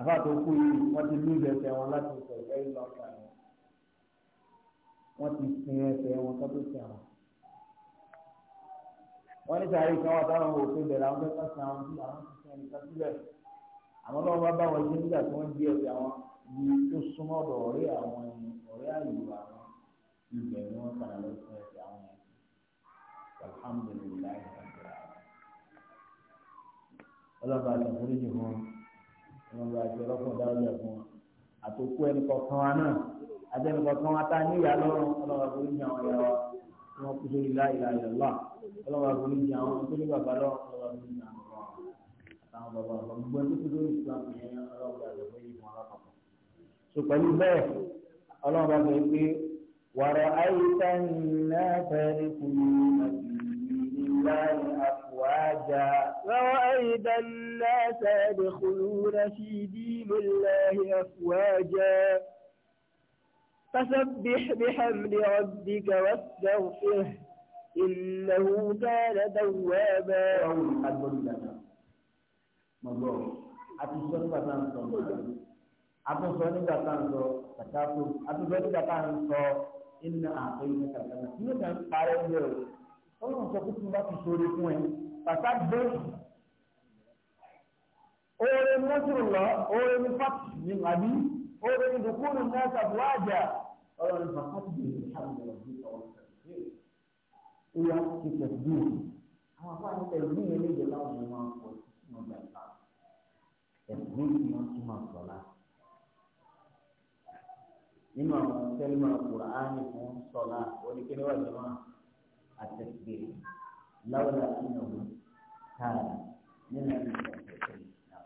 àkókò fún pé alihamudulilayi wa àfa wọ́n ti sin ẹsẹ̀ wọn kó tó sin àwọn. wọ́n ní sàárì kan wà táwọn òkè bẹ̀rẹ̀ àwọn fẹ́ẹ́ sin àwọn tí àwọn ti sin ẹnìkan síbẹ̀. àwọn ọlọ́run bá bá wọn ṣe nígbà tí wọ́n gbé ẹsẹ̀ àwọn ibi tó súnmọ́ ọ̀dọ̀ ọ̀rẹ́ àwọn ọ̀rẹ́ àyù àwọn ibẹ̀ ni wọ́n kàn lọ sin ẹsẹ̀ àwọn yẹn. alhamdulilayi ọlọ́ba ọlọ́ba àti ọlọ́kùnrin àtẹnukọ kan ata níyà lọ́rùn ọlọ́wà kò ní àwọn ìyá wa tí wọ́n kú sórí láì láì lọ́la ọlọ́wà kò ní àwọn tó ní bàbá lọ ọlọ́wà kò ní àwọn ọmọ àtàwọn bàbá ọmọ gbogbo ẹni tó lórí islam yẹn ọlọ́wà kò ní ìmọ̀ alápapọ̀. sọ pẹ̀lú bẹ́ẹ̀ ọlọ́wà bẹ̀ pé wàrà àyíká nìyẹn fẹ́ẹ́ فسبح بحمل ربك واستغفره إنه كان توابا àtúnṣe nígbà tá à ń sọ àtúnṣe nígbà tá à ń sọ kàtàkùn àtúnṣe nígbà tá à ń sọ iná àpò iná kàtàkùn nínú ìgbà ń parẹ́ ń bẹ̀rẹ̀ ọlọ́run sọ pé oore mọ́tò oore ní fáàkì ní àbí oore ní dùkúrú náà tàbí ọlọ́run bàbá ti di ìṣàlùmọ̀ ọ̀gbìn ọ̀rọ̀ tẹ̀síwì ìyá ti tẹ̀síwì àwọn afọ àwọn tẹ̀síwì yẹn léde láwọn ọmọ ọkọ̀ sínú ọgbà ìta tẹ̀síwì ni wọ́n tún máa sọ la nínú àwọn tẹ́lẹ̀mọ̀ ọ̀kùnrin áánì fún sọ̀la oníkẹ́lẹ́ wà jọ̀mọ́ àtẹ̀síwì láwọn àti ìnáwó káàdì nínú ìgbà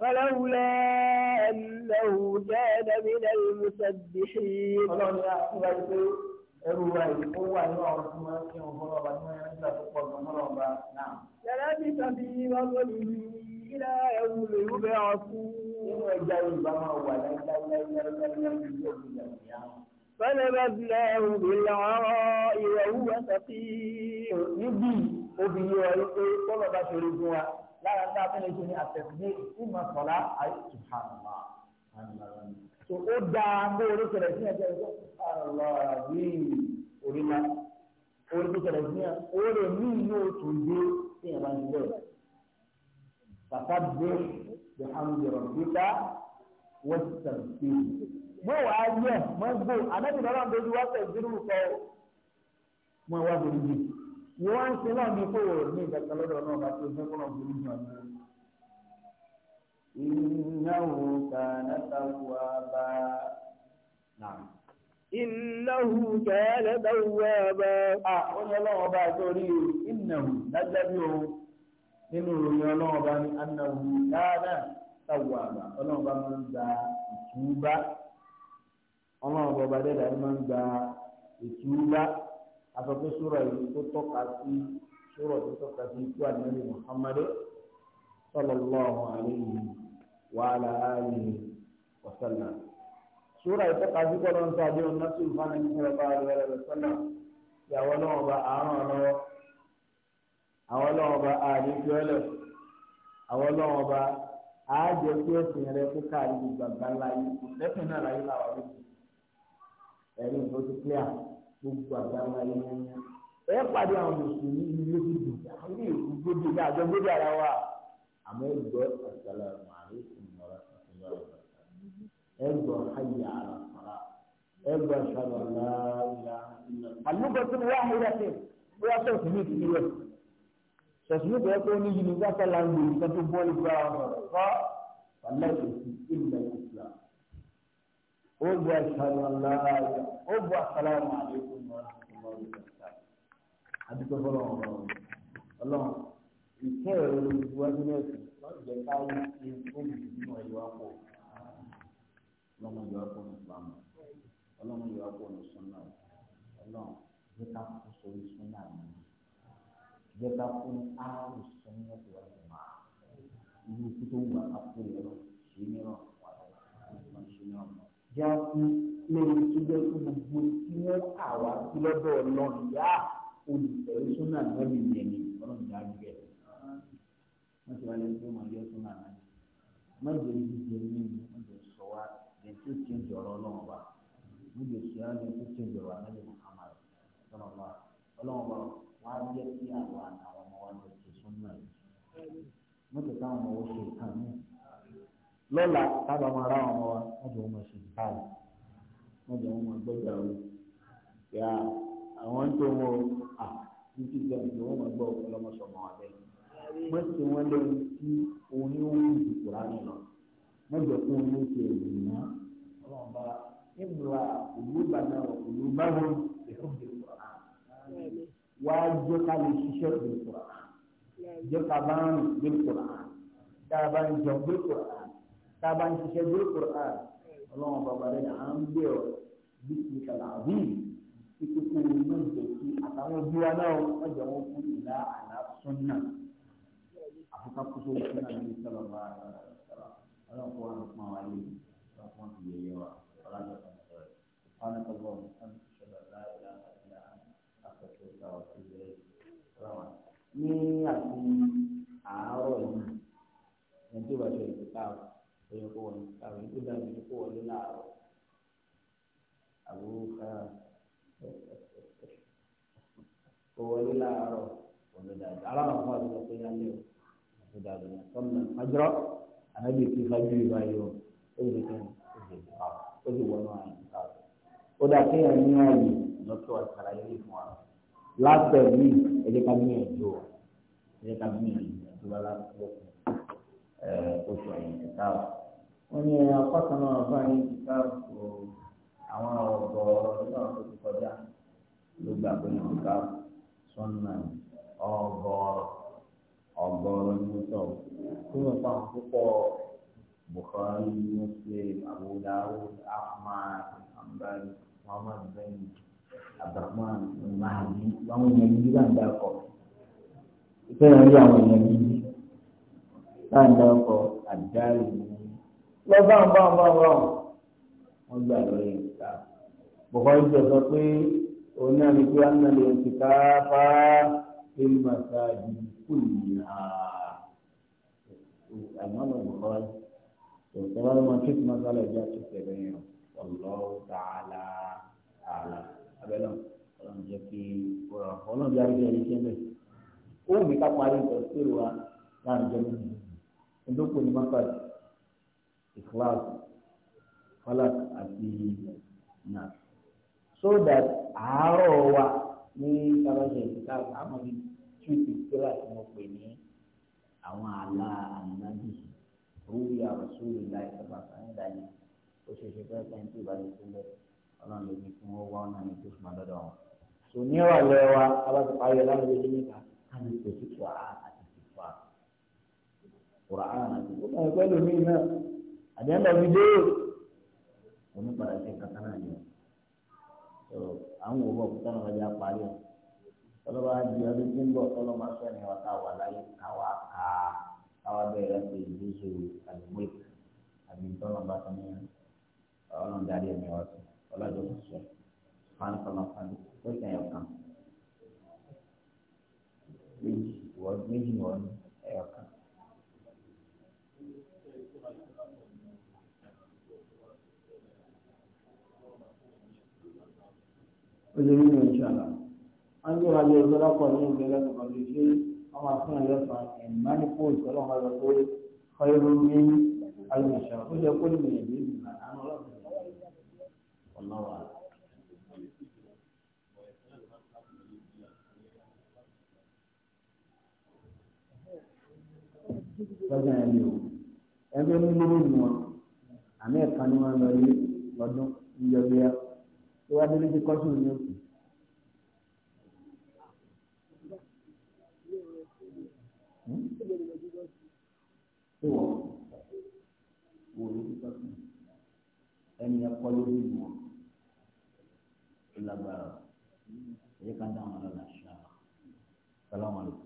فلولا أنه كان من المسبحين للبث في بطنه إلى يوم يبعثون فنبذناه بالعراء وهو سقيم. níbi obìnrin ọ̀rẹ́ pé tọ́lọ̀ lára ń dáa fẹ́lẹ́ ṣe ní àtẹ̀sílẹ̀ ìmọ̀ sọ̀lá àyè tùhánàmá. tó ó dáa bó orí kẹlẹ̀ sí ẹ̀jẹ̀ ẹ̀jẹ̀ aláàbí orí ma orí tó kẹlẹ̀ sí ẹ̀ orí mi yóò tún dé sí ẹ̀ bá ń bẹ̀rẹ̀. bàtà dé bẹ̀hàmìyọ̀rọ̀ gbígbá wọ́n ti sàn sí i. yẹ mọ́ gbó ànábìnrin ọlọ́run tó ti wá tẹ̀ wọ́n wá ń ṣe náà ní kó o ní ìgbàgbọ́ lọ́dọ̀ náà bá tó fẹ́ kó náà burú jù àná. ìnáwó kàánà táwa bá ìnáwó a ó ní ọlọ́wọ́ bá a tó rí o ìnáwó lágbàbí o nínú ìròyìn ọlọ́wọ́ bá ní bá asọ̀tún sùrọ̀ yìí tó tọ́ka sí sùrọ̀ tó tọ́ka sí ikú ànábì muhammadu sallallahu alayhi wa ala alihi wa sallam. sùrọ̀ yìí tọ́ka sí kọ́lọ́ ń tàbí ọ̀nà sí ìfànà ní sọ̀rọ̀ bá rẹ̀ rẹ̀ sọ́nà ìyàwó náà bá àárọ̀ lọ́wọ́ àwọn náà bá àárí fiọ́lẹ̀ àwọn náà bá àájẹ tí ó sìn rẹ kó káàdì gbàgbà láyé lẹ́sìn náà láyé làwọn méjì ẹ̀rí ìfọ́sí clear gbogbo àgbáńlá yẹn ẹ pàdé àwọn mùsùlùmí ilé gbogbo àwọn ilé ìlú gbogbo ní àjọ gbogbo ara wa àmọ́ ẹgbọ́ assalamu alaykum wa rahmatullahi wa barakatuh ẹgbọ́ hayya ala salat ẹgbọ́ ashhadu an la ilaha illallah. àlùkòtò wà hídà tẹ bóyá sọ̀tún ní ìdílé rẹ̀ sọ̀tún ní ìdílé pé ó ní universal language kan tó bọ́ọ̀lù gbọ́ ọ̀rọ̀ fọ́ ó bu aṣáájú aláàbò ó bu aṣáájú àlékún náà lọ́wọ́ ìgbà àdúgbò fọlọ́wọ́ ọlọ́run ìkẹ́ ẹ̀rọ olùwájú náà sì lọ́ọ́ jẹ́ káyé ṣe fún ìdílé ìwà pọ̀ ọlọ́run ìwà pọ̀ ní ìsìlámù ọlọ́run ìwà pọ̀ ní sunna ọlọ́run jẹ́ ká kó sórí sunna mi jẹ́ kó ní áàrùn sunna tó wà ní ma ìlú tó wù wá kó lè rọ sí mìíràn já sí lẹ́yìn tó jẹ́ kó gbogbo tí wọ́n kà wá sí lọ́dọ̀ ọlọ́run yá olùfẹ́ súnà náà lè yẹ ni ọlọ́run yá rí bẹ́ẹ̀. wọ́n ti wá lẹ́yìn tó máa yọ súnà náà má jẹ́ jíjẹ mímu má jẹ́ sọ wá lẹ́yìn tó ti ń jọ̀rọ̀ ọlọ́run wa má jẹ́ sọ wá lẹ́yìn tó ti ń jọ̀rọ̀ àná ọlọ́run wa wá jẹ́ kí àwọn àwọn ọmọ wa lọ sí súnà yìí wọ́n ti ká ọmọ wọn káì wọ́n jẹ́ wọn máa gbọ́dọ̀ àwọn yà àwọn ń tó wọn à ní ti gbà tí wọ́n máa gbọ́ ọlọ́mọṣọ́mọ abẹ́ pé tí wọ́n lé ní tí oníwòye ìdìbò ránì lọ wọ́n jẹ́ fún oní ti èyí ná ọlọ́run bá ìmúra òlú bàtà òlú báwo ìhùn ìdìbò ránì wàá jẹ́ ká lè ṣiṣẹ́ ìdìbò ránì jẹ́ ká bá ń rìn ìdìbò ránì tá a bá ń jẹun ìdìbò tá a bá ń ṣiṣẹ́ ìdìbò ọlọ́run bàbá rẹ̀ à ń bẹ̀ ọ́ bí ti kàlà àbí ikú kó o má jẹ́ kí àtàwọn ojú wa náà wọ́n jẹ́ wọn kú ìlà àlà sọ́nà àfikà kó sóò fún náà ní sábà bá ọlọ́run kó wà ló pọ́n wa yé ọlọ́run kó wà ló yẹ wa ọlọ́run kó wà ló pọ́n wa ní àti àárọ̀ yìí ẹni tó bá ṣe ìpínlẹ̀ lórí kó wọlé àwọn ìlú dàbí kó wọlé láàárọ̀ àbúrò ká kó wọlé láàárọ̀ wọlé dàbí aláwọ̀ fún àti lọ́pẹ́ yálé o àti dàbí yẹn tọ́lá fàjọ́ ànábì kí fàjọ́ ìbá yìí o ó lè kẹ́ ó lè kà ó lè wọnú àyè ká ó dà kéèyàn ní àyè lọ́tọ̀ àtàrà yìí fún wa látẹ̀ mí ẹ̀jẹ̀ ká gbìyànjú o ẹ̀jẹ̀ ká gbìyànjú o tó bá lọ́kùn. Eh, oṣù àyìntìká wọn ní eh, akọ́sàn náà bá àyìntìká kò àwọn ọ̀dọ́ ọlọ́run tó ti kọjá ló gbà pé àyìntìká sọ́nà ọgọ́rọ̀ ọgọ́rọ̀ ní sọ kí wọ́n pa púpọ̀ Bukhari Muslim Abu Dawud Ahmad Hanbali Muhammad bin Abdulrahman Mahdi wọn yẹn ní gbàgbà kọ ìfẹ́ yẹn ní àwọn yẹn ní náà dárúkọ àdáàrí ni lọ bá ń bá ń bá ń bá wọn gbà lórí ìta bùkọ́lù jọ sọ pé òun náà ní pé àná lè ti ká fá ìlú màsá ìdí kùlù yìí àmọ́nà bùkọ́lù tòótọ́ wọn máa tún máa sálẹ̀ ìjà tó tẹ̀lé yẹn Allahu ta'ala àlà abẹ́lẹ́ ọlọ́run jẹ́ kí ọlọ́run jẹ́ àríjẹ́ ẹni tí ń bẹ̀. ó wù ká parí ìtọ́sí wa láàrin jẹ́ méjì ndókò ní mafad ikhlas falak àti nas so that àárọ̀ wa ní sábàṣẹ ìdíkà àmọ́ bíi tíwìtì kíra tí mo pè ní àwọn àlá ànábì rúbí àròsúlù láì sábà sáyẹn dání ó ṣe ṣe fẹ́ fẹ́ tí ìbáṣe sílẹ̀ ọlọ́run ló ní kí wọ́n wá ọ̀nà ní tó sùn lọ́dọ̀ wọn. sò ní ọ̀rọ̀ lẹ́wà abájọpá yẹ ká ní pèsè tó àá Quran ó máa pẹ́ lómi náà àti ẹ̀ ń lọ onípadà ṣe kankan náà ni ọ àwọn òwò ọ̀pọ̀tọ́ náà lọ́jà parí ẹ̀ tọ́lọ́ba di ọdún tí ń bọ̀ tọ́lọ́ba sẹ́ni wa ká wà láyé káwa ká káwa bẹ̀rẹ̀ pé ìdíje àdúgbò àbí tọ́lọ́ba tó ní ọlọ́run darí ẹ̀mí wa sí ọlọ́jọ́ tó sọ fani kọ́nà tó sẹ́n ẹ̀yọ̀ kan méjì wọ́n méjì wọ́n ẹ̀yọ̀ kan. olórí ní ìṣàlá ángẹ́lá yẹ ìṣọ́lápọ̀ ní ìgbẹ́lẹ́ kọ̀ọ̀kan lè ṣe àwọn àfihàn lẹ́fà ẹ̀mánì fún ìṣọ́lá wọn lọ pé fáyọ́rọ́ ní alùmọ̀ṣà ó jẹ́ kó nìyẹn ní ìgbà àánú ọlọ́wà. lọ́jà ẹ̀ ní o ẹgbẹ́ ní lórí wọn àmì ẹ̀ka ni wọ́n lọ yé lọ́dún ń yọ ìwà abẹ́lé ti kọ́sùn ní òkú. Ìwọ̀ hmm? wò ló ti ẹni ẹ̀kọ́ ló ní ìwọ̀n ìlàgbára èyí kan dáhùn ọ̀la ṣáà. Salamu alaikum.